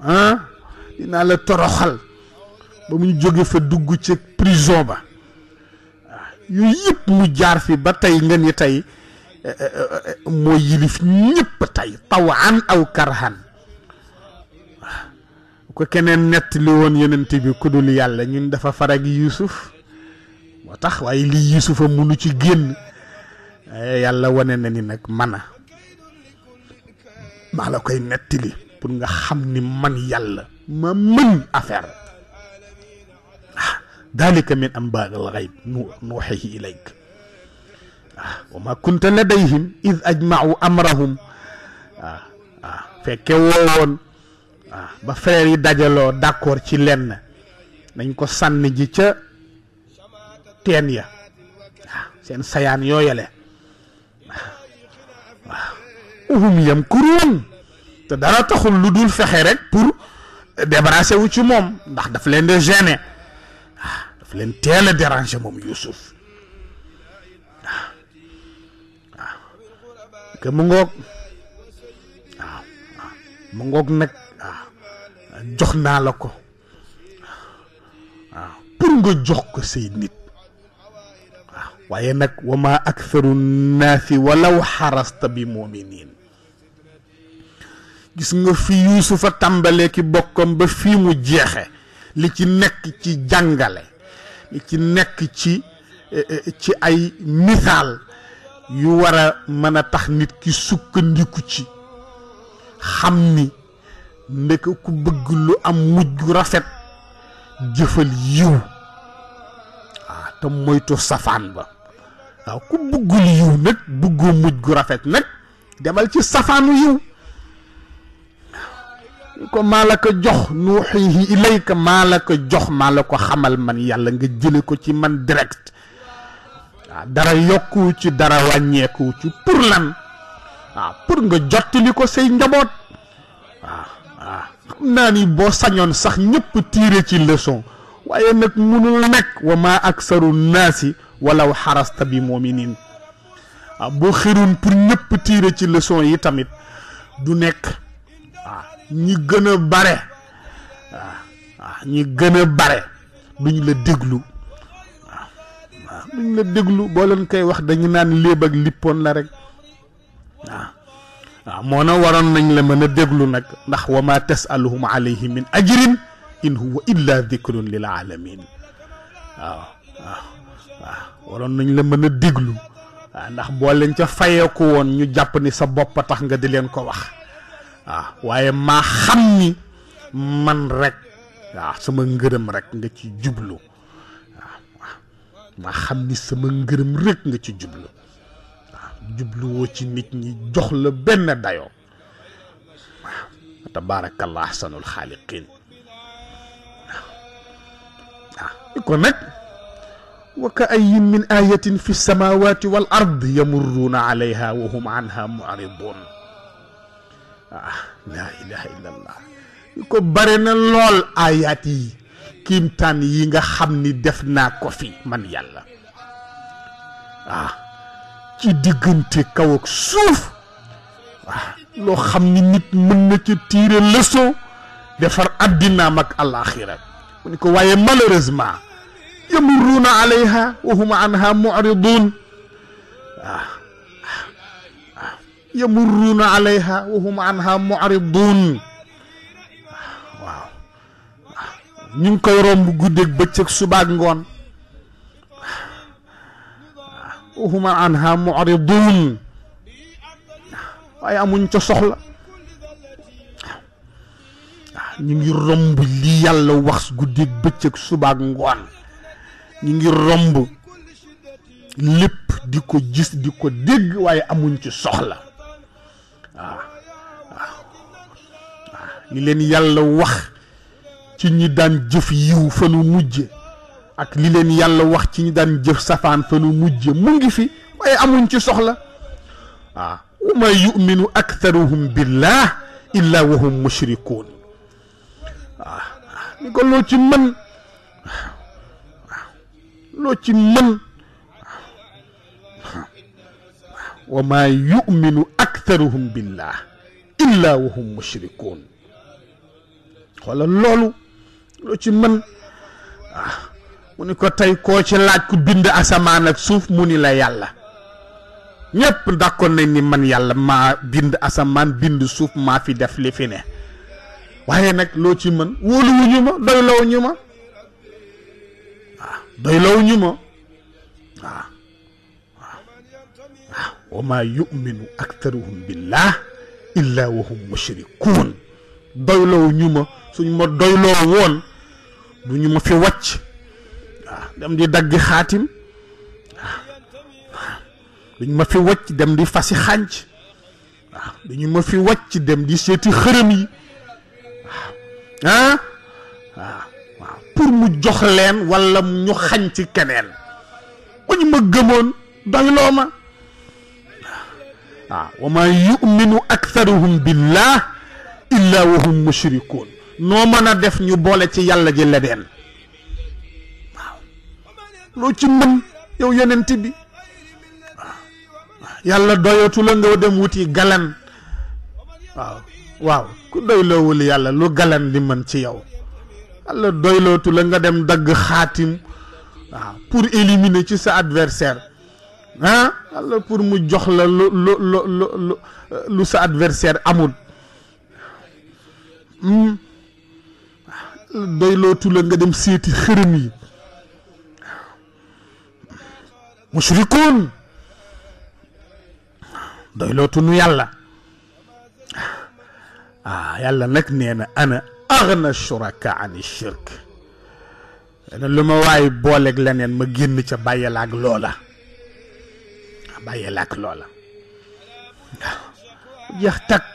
Speaker 1: ها دينا لا توروخال بامي جوغي فا دوجو تي بريزون با yooyu yëpp mu jaar fi ba tey nga ni tey eh, eh, eh, moo yilif ñëpp tey tawan aw karhan ko keneen nett li woon yenent bi ku yàlla ñun dafa farag yusuf moo tax waaye lii yusufa munu ci génn yàlla wone na ni nag a maa la koy nettali pour nga xam ni man yàlla ma mën affaire dalika min anbaa alxayb nuuxihi ilayk waaw ah, wa ma kunta ladayhim id ajmau amrahum waaw ah, ah, waaw fekke woowoon waaw ba frère yi dajaloo d'accord ci lenn nañ ko sànni ji ca teen ya waaw seen sayaan yooyale waaw uhum yamkuruun te dara taxul lu dul fexe rek pour débarrasser wu ci moom ndax daf leen de gêner daf leen teel a déranger moom Yuusuf waaw waaw mu ngoog waaw nag jox naa la ko waaw pour nga jox ko say nit waaw waaye nag wa ma aktharu naafi walaw xarasta bi muminin gis nga fi Yuusufa tàmbalee ki bokkam ba fii mu jeexe li ci nekk ci jàngale ci nekk ci eh, eh, ci ay misaal yu war a mën a tax nit ki sukkandiku ci xam ni ndek ku bëgg lu am mujj gu rafet jëfal yiw waaw ah, te moytu safaan ba waaw ah, ku bëggul yiw nag bëggoo mujj gu rafet nag demal ci safaanu yiw ko malaka joh nuhihi jox nuhihi ilayka malaka jox malako xamal man yalla nga jele ko ci man direct dara yokku ci dara wàññeekuwu ci pour lan Ah, pour nga jottali ko say njaboot waaw waaw xam naa sax ñepp ci leçon waye nak munul nak wa ma aksaru nasi, walaw harasta bi muminin. waaw xirun pun pour ñepp tiire ci leçon yi tamit du nek ñi gën a bare waaw waaw ñi gën a bare duñ la déglu waaw waaw duñ la déglu boo leen koy wax dañu naan léeb ak lippoon la rek waaw waaw moo na waroon nañ la mën a déglu nag ndax wa ma tasaluhum alayhi min ajrin in huwa illa dikrun lil alamin waaw waaw waaw waroon nañ la mën a déglu waaw ndax boo leen ca fayeeku woon ñu jàpp ni sa bopp a tax nga di leen ko wax waaw waaye maa xam ni man rek waaw sama ngërëm rek nga ci jublu waaw waaw maa xam ni sama ngërëm rek nga ci jublu waaw jubluwoo ci nit ñi jox la benn dayoo waaw tabaarakallah ahsanul xaaliqin waaw kon nag wa ka ayin min ayatin fi samawati wal ard yamurruuna alayha wa hum anha muridun ah laa ilaha illallah ko bare na lool ayaat yi kiimtaan yi nga xam ni def naa ko fi man yàlla ah ci diggante kaw ak suuf ah loo xam ni nit mën na ci tiire leçon defar addinaam ak alaxira mu ni ko waaye malheureusement yamurruuna alayha wa hum anha muridun ah yamurruuna alayha wa hum anha mu'ridun waaw ñu ngi koy romb guddeeg bëccëg subaak ngoon wa hum anha mu'ridun waaye amuñ ca soxla ñu ngi romb lii yàlla wax guddeeg bëccëg subaak ngoon ñu ngi romb lépp di ko gis di ko dégg waaye amuñ ci soxla waaw waaw li leen yàlla wax ci ñi daan jëf yiw fa nu mujj ak li leen yàlla wax ci ñi daan jëf safaan fa nu mujj mu ngi fi waaye amuñ ci soxla ah wa ma yuminu aktharuhum billah illa wa hum mushrikuun ah ni ko loo ci mën waaw loo ci mën wa ma yuminu ak aktaruhum billah illa wahum mushrikuun xoolal loolu loo ci mën waaw ah, mu ni ko tey koo ci laaj ku bind asamaan ak suuf mu ni la yàlla ñépp dakkoon nañ ni man yàlla maa bind asamaan bind suuf maa fi def li fi ne waaye nag loo ci mën wóoluwuñu ma doylawuñu ma waaw ah, doylawuñu ma waaw ah. وما يؤمن أكثرهم بالله إلا وهم مشركون دايلو نيوما سوني ما دايلو وون دو نيوما في واتش آه، دم دي دغ خاتم دو آه، آه. نيوما في واتش دم دي فاسي خانج دو نيوما في واتش دم دي سيتي خرمي ها pour mu jox len wala ñu xañ ci keneen ko ñu ma gëmon dañ lo ma waaw wa maa yuminu aktharuhum billah illa wa hum noo mën a def ñu boole ci yàlla ji leneen waaw loo ci mën yow yonent bi yàlla doyatu la nga dem wuti galan waaw yàlla lu galan di mën ci yow yàlla doylootu la nga dem dagg xaatim waaw pour éliminer ci sa adversaire ah pour mu jox la lu lu lu lu sa adversaire amul doy lootu la nga dem seeti xërëm yi mushrikuun doy lootu nu yàlla ah yàlla nag nee na ana agna shuraka an shirk lu ma waaye booleeg leneen ma génn ca bàyyalaak baye lak lola jeex takk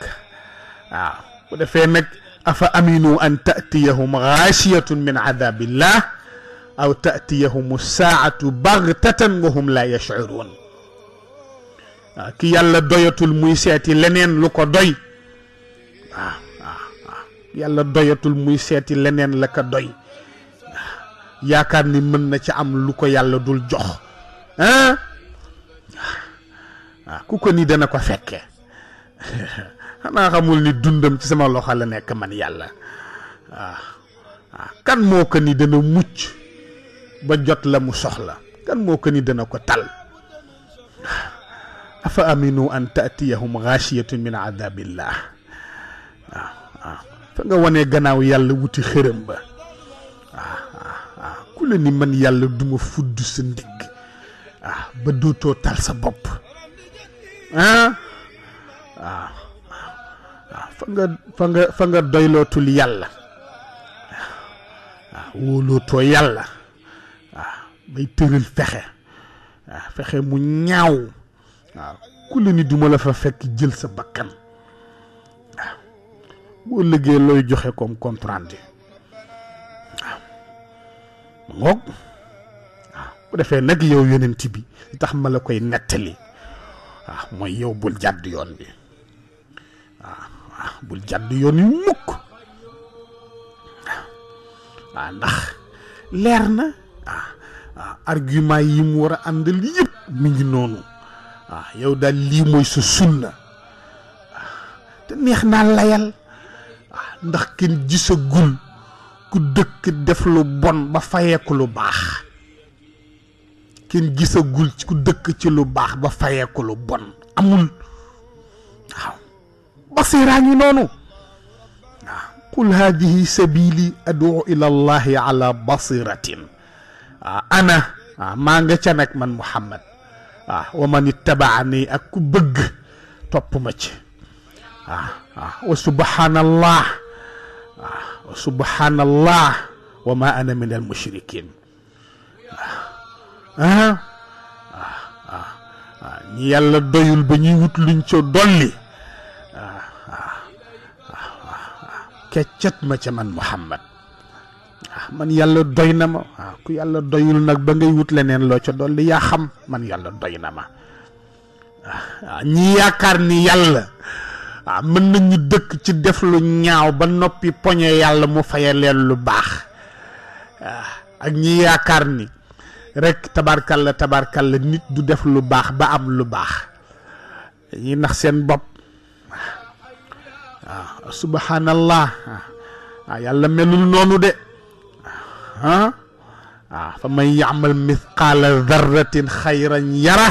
Speaker 1: waaw bu defé nak afa aminu an ta'tiyahum ghashiyatun min adabillah aw taatiyahum saatu baghtatan wa hum la yash'urun ki yàlla doyatul muy seti lenen lu ko doy yàlla doyatul muy seti lenen la ka doy yaakaar ni mën na ci am lu ko yàlla dul jox hein waaw ah, ku ko ni dana ko fekke xanaa xamul ni dundam ci sama loxo la nekk man yàlla ah, ah, kan moo ko ni dana mucc ba jot la mu soxla kan moo ko ni dana ko tal afa aminu an taatiyahum xaasiyatun min adabillah fa nga wonee gannaaw yàlla wuti xërëm ba ku la ni man yàlla duma fudd sa ndigg ba dootoo tal sa bopp ah waaw ah, ah, waaw fa nga fa nga doylootul yàlla waaw ah, wóolootoo yàlla waaw bay tëral fexe waaw fexe mu ñaaw waaw ku la ni duma la fa fekk jël sa bakkan waaw boo liggéey looy joxe comme comprendre waaw waaw bu defee nag yow yonent bi tax ma la koy nettali waaw ah, mooy yow bul jàdd yoon bi waaw ah, ah, waaw bul jàdd yoon yu mukk waaw ndax leer na waaw argument yi mu war a àndal yëpp mi ngi noonu waaw yow daal lii mooy sa sunna te neex naa layal waaw ndax kenn gisagul ku dëkk def lu bon ba fayeeku lu baax kenn gisagul ku dëkk ci lu baax ba fayeeku lu bon amul waaw basiraa ngi noonu waaw qul hadihi sabili ad'u ila allahi ala basiratin waaw ana waaw maa nga ca nag man muhammad waaw wa man ittabaani ak ku bëgg topp ma ci waaw waaw wa subhanallah waaw wa subhanallah wa ma ana min al mushrikin ah ah ah ñi yàlla doyul ba ñuy wut luñ ca dolli ah ah ah keccat ma ca man Muhammad ah man yàlla doy na ma ah ku yàlla doyul nag ba ngay wut leneen loo ca dolli yaa xam man yàlla doy na ma ah, ah ñi yaakaar ni yàlla ah mën nañu dëkk ci def lu ñaaw ba noppi poñe yàlla mu faye leen lu baax ah, ak ñi yaakaar ni. rek tabarkal tabarkal la nit du def lu baax ba am lu baax ñi nax seen bopp waaw subhanallah waaw yàlla melul noonu de ah waaw fa man yaamal mithqaala darratin xayran yara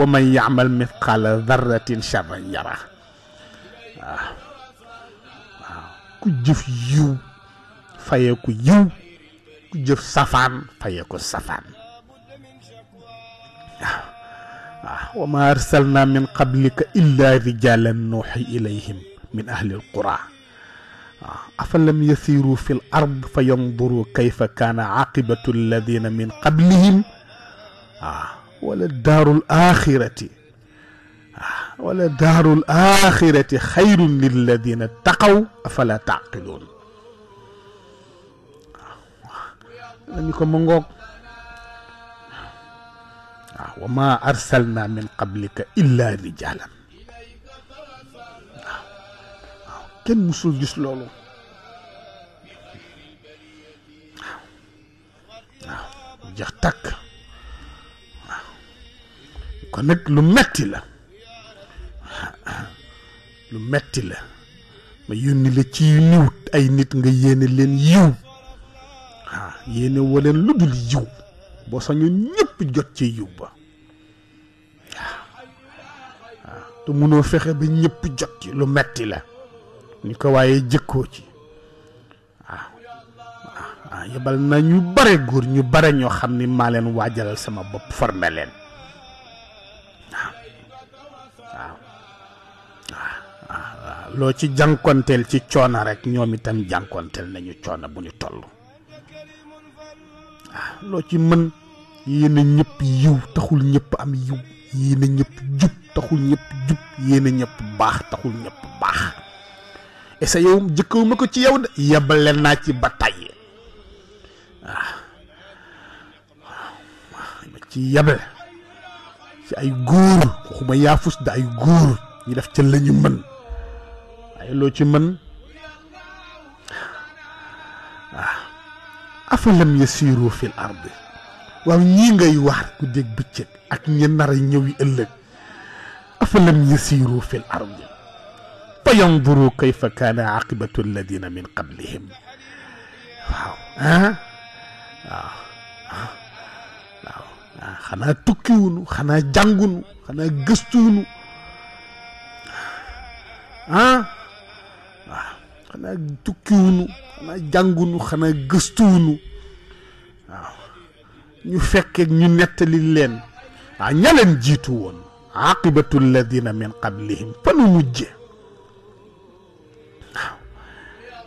Speaker 1: wa man yaamal mithqaala darratin charran yara waaw waaw ku jëf yiw fayeeku yiw جف jëf safaan faye وما أرسلنا من قبلك إلا رجالا نوحي إليهم من أهل القرى أفلم يسيروا في الأرض فينظروا كيف كان عاقبة الذين من قبلهم وللدار الآخرة وللدار الآخرة خير للذين اتقوا أفلا تعقلون lañu ko ma ngoog waaw wa ma arsalna min qablika illa rijalan waaw waaw kenn musul gis loolu waaw waaw jeex tàkk waaw kon nag lu metti la lu metti la ma yónni la ci niwt ay nit nga yéene leen yiw ha yene wolen ludul yiw bo sañu ñepp jot ci yiw ba te mëno fexé ba ñepp jot ci lu metti la ni ko wayé jikko ci ah yebal na ñu bare goor ñu bare ño xamni ma leen wajalal sama bop formé leen lo ci jankontel ci ciona rek ñoom itam jankontel nañu ciona bu tollu lo ci man yene ñep yiw taxul ñep am yiw yene ñep jup taxul ñep jup yene ñep bax taxul ñep bax e sa yow jëkku mako ci yow yabalé na ci bataille ah. Ah. ci yabal ci ay goor waxuma yaafus da ay goor ñi def ci lañu man ay lo ci man ah afalam yasiru fil ardi waaw ñii ngay wax guddeeg bëccëg ak ñi nar a ñëwi ëllëg afalam yasiru fil ardi fa yanzuru kayfa kaana aqibatu alladina min qablihim waaw ah waaw waaw waaw xanaa tukkiwunu xanaa jàngunu xanaa gëstuwunu ah xanaa tukkiwunu xanaa jàngunu xanaa gëstuwunu waaw ñu fekkee ñu nettali leen waaw ña leen jiitu woon aqibatu alladina min qablihim fanu mujje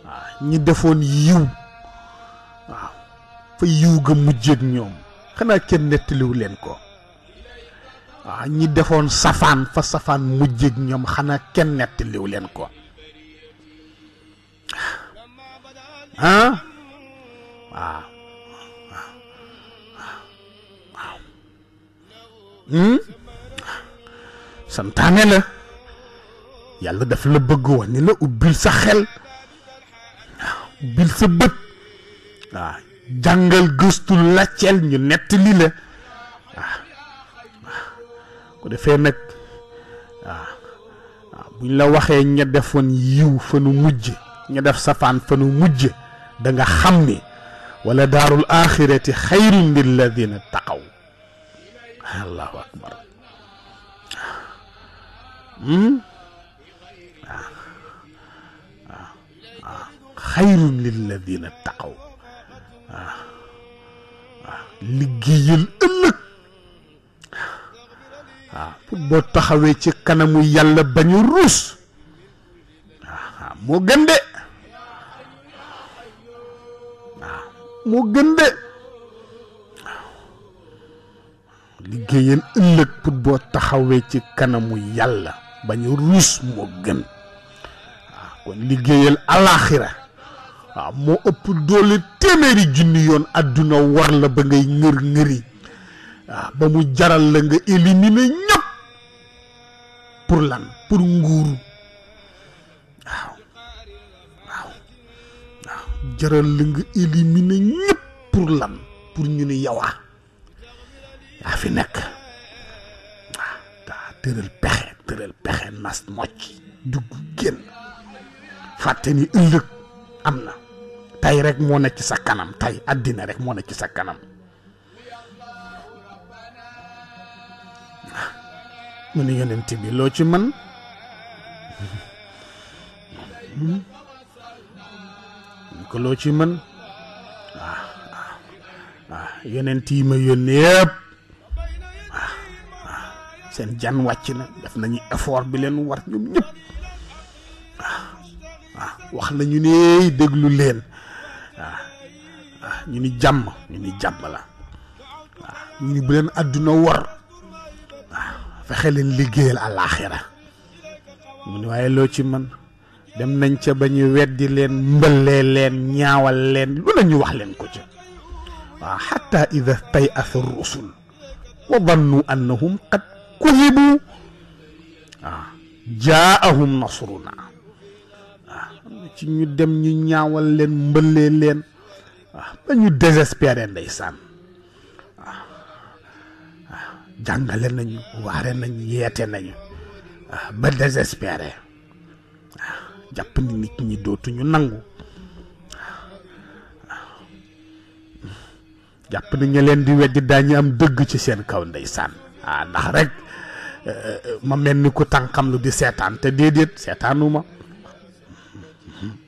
Speaker 1: waaw ñi defoon yiw waaw fa yiw ga mujjeeg ñoom xanaa kenn nettaliw leen ko waaw ñi defoon safaan fa safaan mujjeeg ñoom xanaa kenn nettaliw leen ko Hein Wow. Hmm? santaane la yàlla daf la bëgg wax ni la ubbil sa xel waaw ubbil sa bët waaw jàngal gëstu laccel ñu nettali la waaw ko defee nag waaw waaw buñ la waxee ña defoon yiw fa nu mujj ña def safaan fa mujj da nga xam ni wala daarul axirati xayrun lilladina taqaw allahu akbar xayrun lilladina taqaw liggéeyal ëllëg waaw pour boo taxawee ci kanamu yàlla bañu ruus waaw moo gën de moo gën de liggéeyeen ëllëg pour boo taxawee ci kanamu yàlla bañ a ruus moo gën waaw ah, kon liggéeyal alaxira waaw ah, moo ëpp doole téeméeri junni yoon àdduna war la ba ngay ngër ngëri waaw ah, ba mu jaral la nga éliminer ñëpp pour lan pour nguuru jaral la nga éliminer ñëpp pour lan pour ñu ni yowaa ah, yaa fi nekk waaw ah, tëral pexe tëral pexe nas mocc dugg génn fàtte ni ëllëg am na tey rek moo nekk ci sa kanam tey àddina rek moo nekk ci sa kanam ah, mu ni yonent bi loo ci man hmm? ko loo ci mën waaw ah, ah, waaw ah, yonent yi ma yónnee yëpp waaw waaw seen jan wàcc na def nañu effort bi leen war ñoom ñëpp waaw wax nañu ne déglu leen waaw waaw ñu ni jàmm ñu ni jàmm la waaw ñu ni bu leen àdduna war waaw fexe leen liggéeyal àllaaxira mu ni waaye loo ci mën dem nañ ca ba ñu weddi leen mbëllee leen ñaawal leen lu nañu wax leen ko ca waaw xatta ida tay asa rusul wa dannu annahum qad kuhibu waaw jaahum nasruna waaw ci ñu dem ñu ñaawal leen mbëllee leen ba ñu désespéré ndeysaan waaw waaw jàngale nañu waare nañu yeete nañu ba désespéré jàpp ni nit ñi dootuñu nangu jàpp ni ñu leen di wedd daañu am dëgg ci seen kaw ndeysaan ah ndax rekk eh, ma mel ni ku tànkam lu di seetaan te déedéet seetaanuma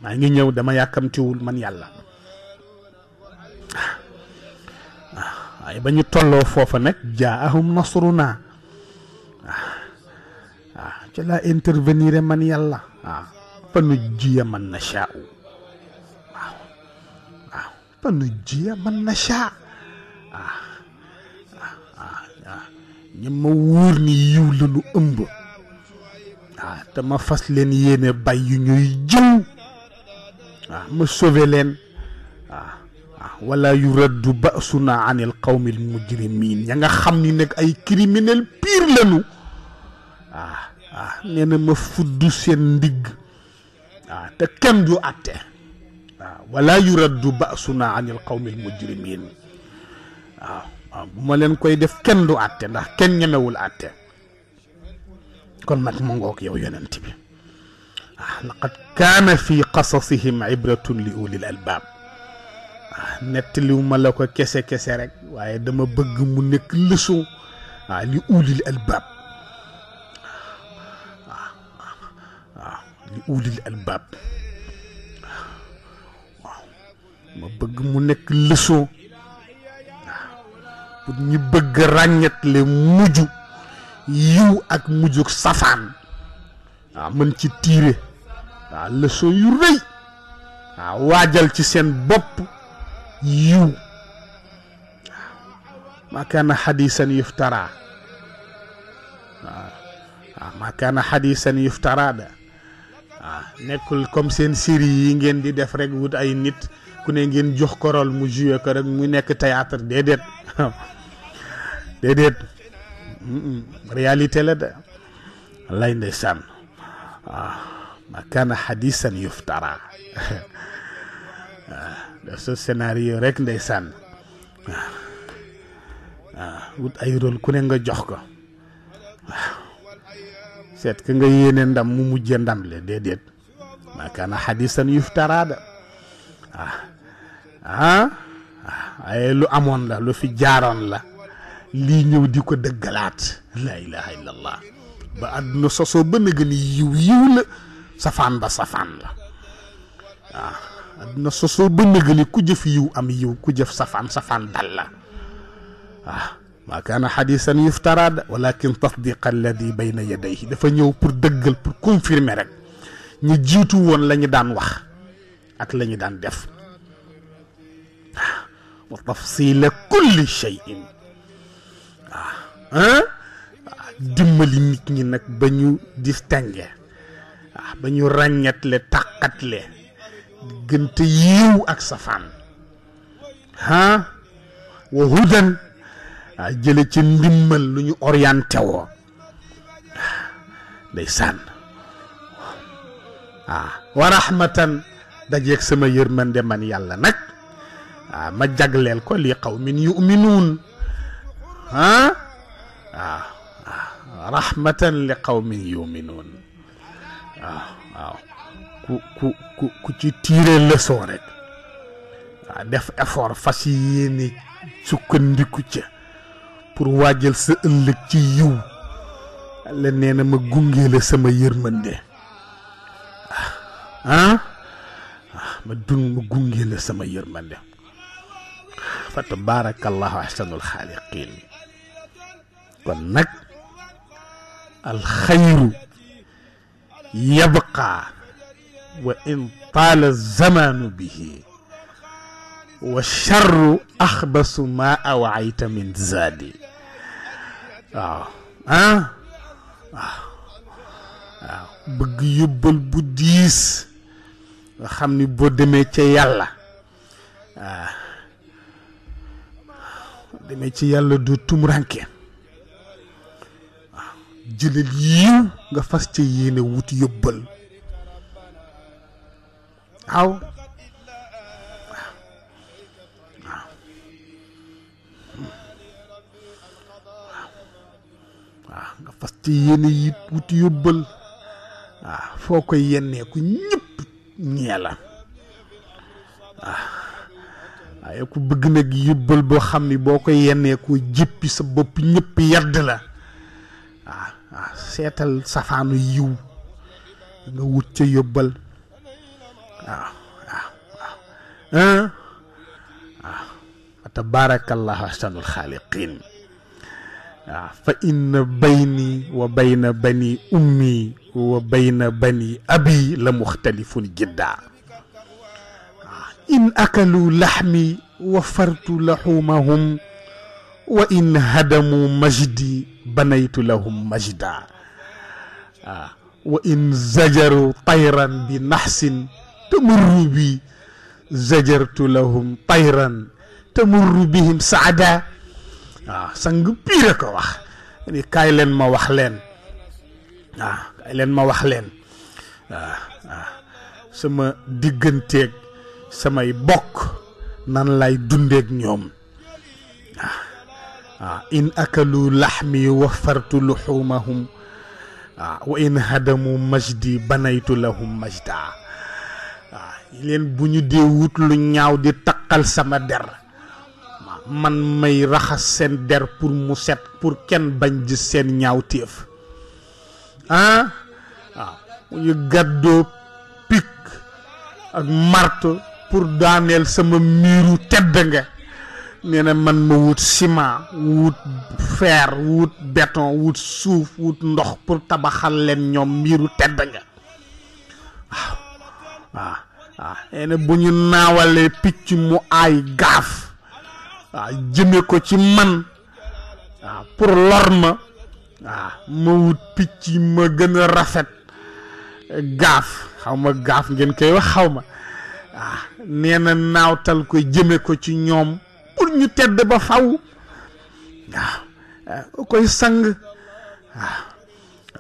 Speaker 1: maa ngi ñëw dama yàkkamtiwul man yàlla ah, waaye ba ñu tolloo foofa nag jaa ahum nasruna waaw ah, ah, ci laa intervenir man yàlla waaw فنجي من نشاء waaw waaw فنجي من نشاء ah ah ah ñi ma wóor ni yiw la nu ëmb ah te ma fas leen yéene bay yu ñuy jëw ah ma sauvé leen ah ah wala yu raddu ba'suna anil qawmil mujrimin ya nga xam ni nag ay criminel pire lañu ah ah nee na ma fudd seen ndigg waaw te kenn du atte waaw wala yuraddu basuna anil qawmil mujrimin waaw waaw bu ma leen koy def kenn du atte ndax kenn ñemewul atte kon nag mu ngoog yow yonent bi laqad kaana fi qasasihim ibratun li ulil albaab waaw nettaliw la ko kese kese rek waaye dama bëgg mu nekk leçon waaw li ulil albaab li ulil albaab ma bëgg mu nekk leçon waaw pour ñu bëgg ràññetle mujj yiw ak mujjuk safaan waaw mën ci tiire waaw yu rëy waaw waajal ci seen bopp yiw ما كان حديثا يفترى ما كان حديثا يفترى ده waaw ah, nekkul comme seen série yi ngeen di def rek wut ay nit ku ne ngeen jox ko rôle mu joué ko rek mu nekk théâtre déedéet déedéet réalité la de lay ndeysaan waaw ah, ma kaana hadisan yuftara ah, def sa scénario rek ndeysaan waaw waaw wut ay rôle ku ne nga jox ko waaw seet ka nga yéene ndam mu mujje ndam le déedéet ma kaana xadisan yuftaraada ah waaye ah, ah, lu amoon la lu fi jaaroon la lii ñëw di ko dëggalaat la ilaha illallah ba àdduna sosoo ba nëgë safaan la waaw ah, àdduna sosoo ba ku jëf yiw am yiw ku jëf safaan safaan dal la waaw ما كان حديثا يفترى ولكن تصديق الذي بين يديه دا فا نيو بور دغال بور كونفيرمي رك ني جيتو وون لا ني دان واخ اك لا ني دان ديف وتفصيل كل شيء ها dimbali nit ñi nak bañu distingué ah bañu ragnat le takat le gënte yiw ak safan ha ah, wa hudan waaw jële ci ndimmal lu ñu orienté woo day sànn waaw wa rahmatan dajeeg sama yërmande man yàlla nag waaw ma jagleel ko li qawmin yuminuun ah waaw waaw rahmatan li qawmin yuminuun waaw waaw ku ku ku ku ci tiire leçon rek waaw def effort fas yéene sukkandiku ca pour waajal sa ëllëg ci yiw la neena ma gunge la sama yërmande han ma dun ma gunge la sama yërmande fa tabarakallahu ahsanul khaliqin kon nag alxayru yabqa wa in taala zamaanu bihi wa charru axbasu ma awayta min zaadi waaw ah waaw bëgg yóbbal bu diis nga xam ni boo demee ca yàlla waaw ah, demee ci yàlla du tumuranke waaw jëlal yiw nga fas ca yéene wut yóbbal waaw ci que yéene yi wuti yóbbal waaw foo koy yenneeku ñëpp ñee la waaw waaye ku bëgg nag yóbbal boo xam ni boo koy yenneeku jéppi sa bopp ñépp yedd la waaw waaw seetal safaanu yiw nga wut ca yóbbal waaw waaw waaw waaw wa tabaarakallahu ahsanul xaaliqiin آه، فإن بيني وبين بني أمي وبين بني أبي لمختلف جدا آه، إن أكلوا لحمي وفرت لحومهم وإن هدموا مجدي بنيت لهم مجدا آه، وإن زجروا طيرا بنحس تمر بي زجرت لهم طيرا تمر بهم سعدا waaw ah, sang pire ko wax ni kaay leen ma wax leen waaw ah, kaay leen ma wax leen ah, sama digganteeg samay bokk nan lay dundeeg ñoom waaw waaw in akalu laxmi wafartu luxumahum waaw wa in hadamu majdi banaytu lahum majda waaw leen bu ñu dee wut lu ñaaw di taqal sama der man may raxas seen der pour mu set pour kenn bañ di seen ñaaw ah waaw mu ñu gàddoo pik ak marto pour daaneel sama miiru tedd nga nee na man ma wut ciment wut fer wut béton wut suuf wut ndox pour tabaxal leen ñoom miiru tedd nga waaw ah, ah, waaw ah. nee na bu ñu naawalee picc mu aay gaaf waaw jëme ko ci man waaw pour lor ma waaw ma wut picc ma gën a rafet gaaf xaw ma gaaf ngeen koy wax xaw ma waaw nee naawtal ko jëme ko ci ñoom pour ñu tedd ba faw waaw koy sang waaw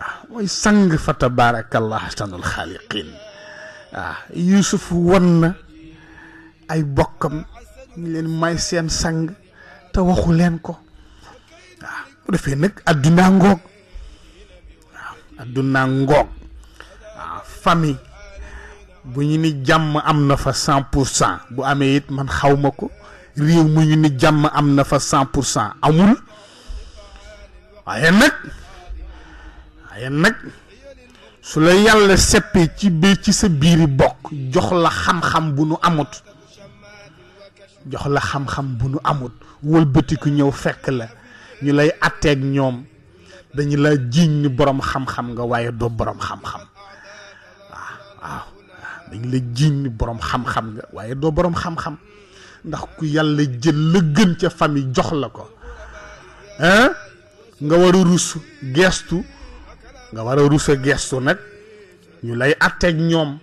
Speaker 1: waaw mooy sang fa tabaarakallah ahsanul xaaliqin waaw Yuusuf won na ay bokkam ñu leen may seen sang te waxu leen ko waaw bu defee nag addunaa ngoog waaw addunaa ngoog waaw famille bu jàmm am na fa bu amee it man xaw ko réew mu ñu ni jàmm am na fa cent pour cent amul waaye nag waaye nag su la yàlla seppee ci biir ci sa biiri bokk jox la xam-xam bu nu amut jox la xam-xam bu nu amut ku ñëw fekk la ñu lay atteeg ñoom dañu la jiñ ni borom xam-xam nga waaye do borom xam-xam waaw dañ la jiñ ni borom xam-xam nga waaye do borom xam-xam ndax ku yàlla jël la gën ca famille jox la ko hein nga war a gestu nga war a gestu nag ñu lay atteeg ñoom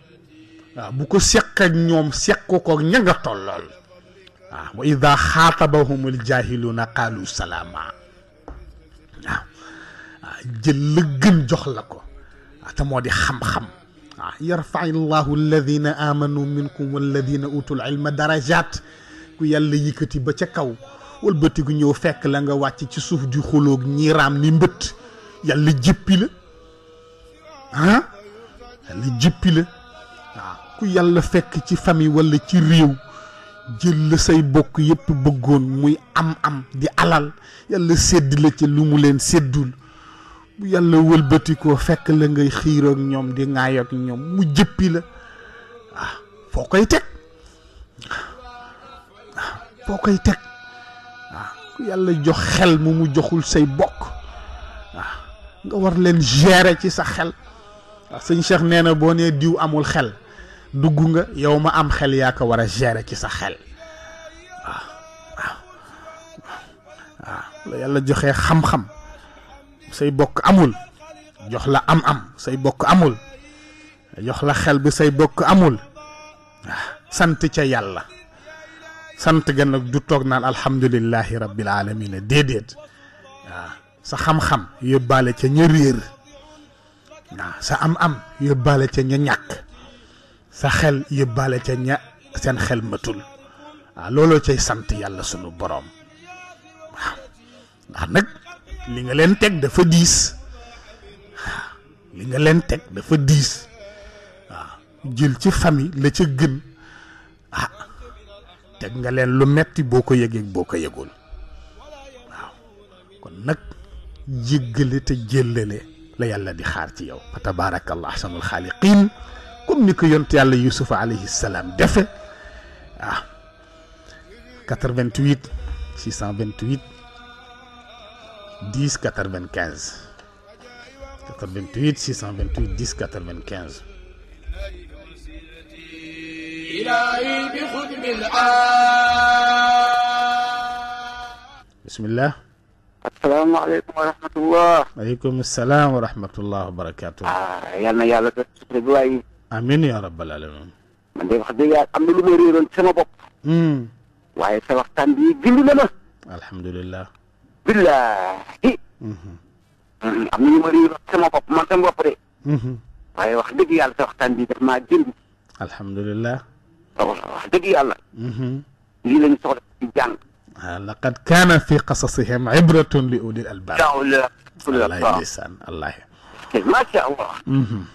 Speaker 1: waaw bu ko seq ak ñoom seq ko ña nga tollal آه، وإذا خاطبهم الجاهلون قالوا سلاما آه، جلجن جن جخلكو آه، تمودي خم خم يرفع الله الذين آمنوا منكم والذين أوتوا العلم درجات كو يال ييكتي با تي كاو ول بتيغو نيو فك لاغا واتي تي سوف دي خولوك ني رام ها يال جيبي لا كو فك تي فامي ولا تي ريو jël la say bokk yépp bëggoon muy am-am di alal yàlla sedd la ci lu mu leen séddul bu yàlla wëlbatikoo fekk la ngay xiiroog ñoom di ŋaayoog ñoom mu jëppi la ah foo koy teg ah foo koy teg ah ku yàlla jox xel mu mu joxul say bokk ah nga war leen gérer ci sa xel waaw ah, sëñ Cheikh nee na boo nee diw amul xel. dugg nga yow ma am xel yaa ko war a gérer ci sa xel waaw waaw yàlla joxe xam-xam say bokk amul jox la am-am say bokk amul jox la xel bi say bokk amul waaw sant ca yàlla sant ga nag du toog naan alhamdulillahi rabbil alamina déedéet waaw sa xam-xam yóbbaale ca ña réer waaw sa am-am yóbbaale ca ña ñàkk. sa xel yébbale ca ña seen xel matul waaw looloo cay sant yàlla sunu boroom waaw ndax nag li nga leen teg dafa diis li leen teg dafa diis waaw jël ci famille la ca gën ah, teg nga leen lu metti boo ko yëgee boo ko yëgul waaw kon nag jéggale te jël la yàlla di xaar ci yow fa tabaarakallah ahsanul xaaliqiin comme ni ko yont yàlla yusufa alayhi salaam defe ah 88 628 10 95 88 628 10 95 بسم الله السلام عليكم ورحمة الله عليكم السلام ورحمة الله وبركاته آه يلا يلا amiin yaa rabbal alamin man de wax dëgg yàlla am na lu ma réeroon ci sama bopp. waaye sa waxtaan bi gindi na ma. alhamdulilah. billahi. am na ñu ma réeroon ci sama bopp man sama bopp de. waaye wax dëgg yàlla sa waxtaan bi daf maa gindi. alhamdulilah. wax dëgg yàlla. lii lañ soxla ci jàng. لقد كان في قصصهم عبرة لأولي الألباب. لا لا لا. الله يلسان الله. ما شاء الله.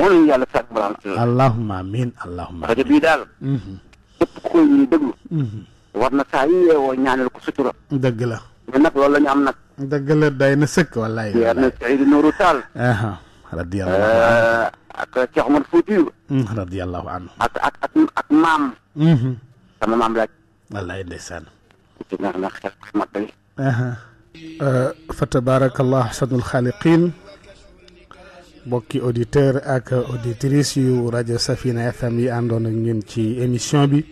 Speaker 1: moom lañu yàlla sàkk balaa nga si allahumma amiin allahumma amiin rajo bii daal. Mhm. képp ku koy ñuy déglu. Mhm. war na saa yu yeewoo ñaanal ko sutura. dëgg la. ñun nag loolu la ñu am nag. dëgg la day na sëkk wallaay. wallaay na Seydou Nourou Tall. radiyallahu anhu. Eh, ak Cheikh Omar Foutiyou. Mhm, radiyallahu anhu. ak ak ak ak maam. sama maam laaj. wallaay ndeysaan. ci naan na xel mat day. Eh, fa tabaarakallah ahsanul xaaliqiin mbokki auditeur ak auditrice yu rajo Safina FM yi àndoon ak ñun ci émission bi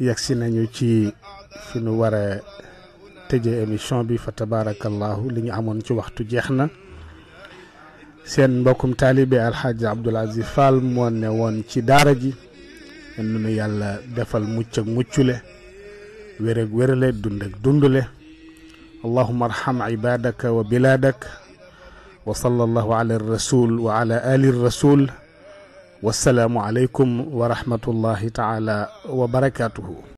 Speaker 1: yegsi nañu ci fi nu war émission bi fa tabaarakallahu li ñu amoon ci waxtu jeex na seen mbokkum taalibe alxaaji Abdoul Aziz Fall moo ne woon ci daara ji nu nu yàlla defal mucc ak muccule wér ak wérale dund ak dundule allahuma arham ibadaka wa biladak وصلى الله على الرسول وعلى آل الرسول والسلام عليكم ورحمة الله تعالى وبركاته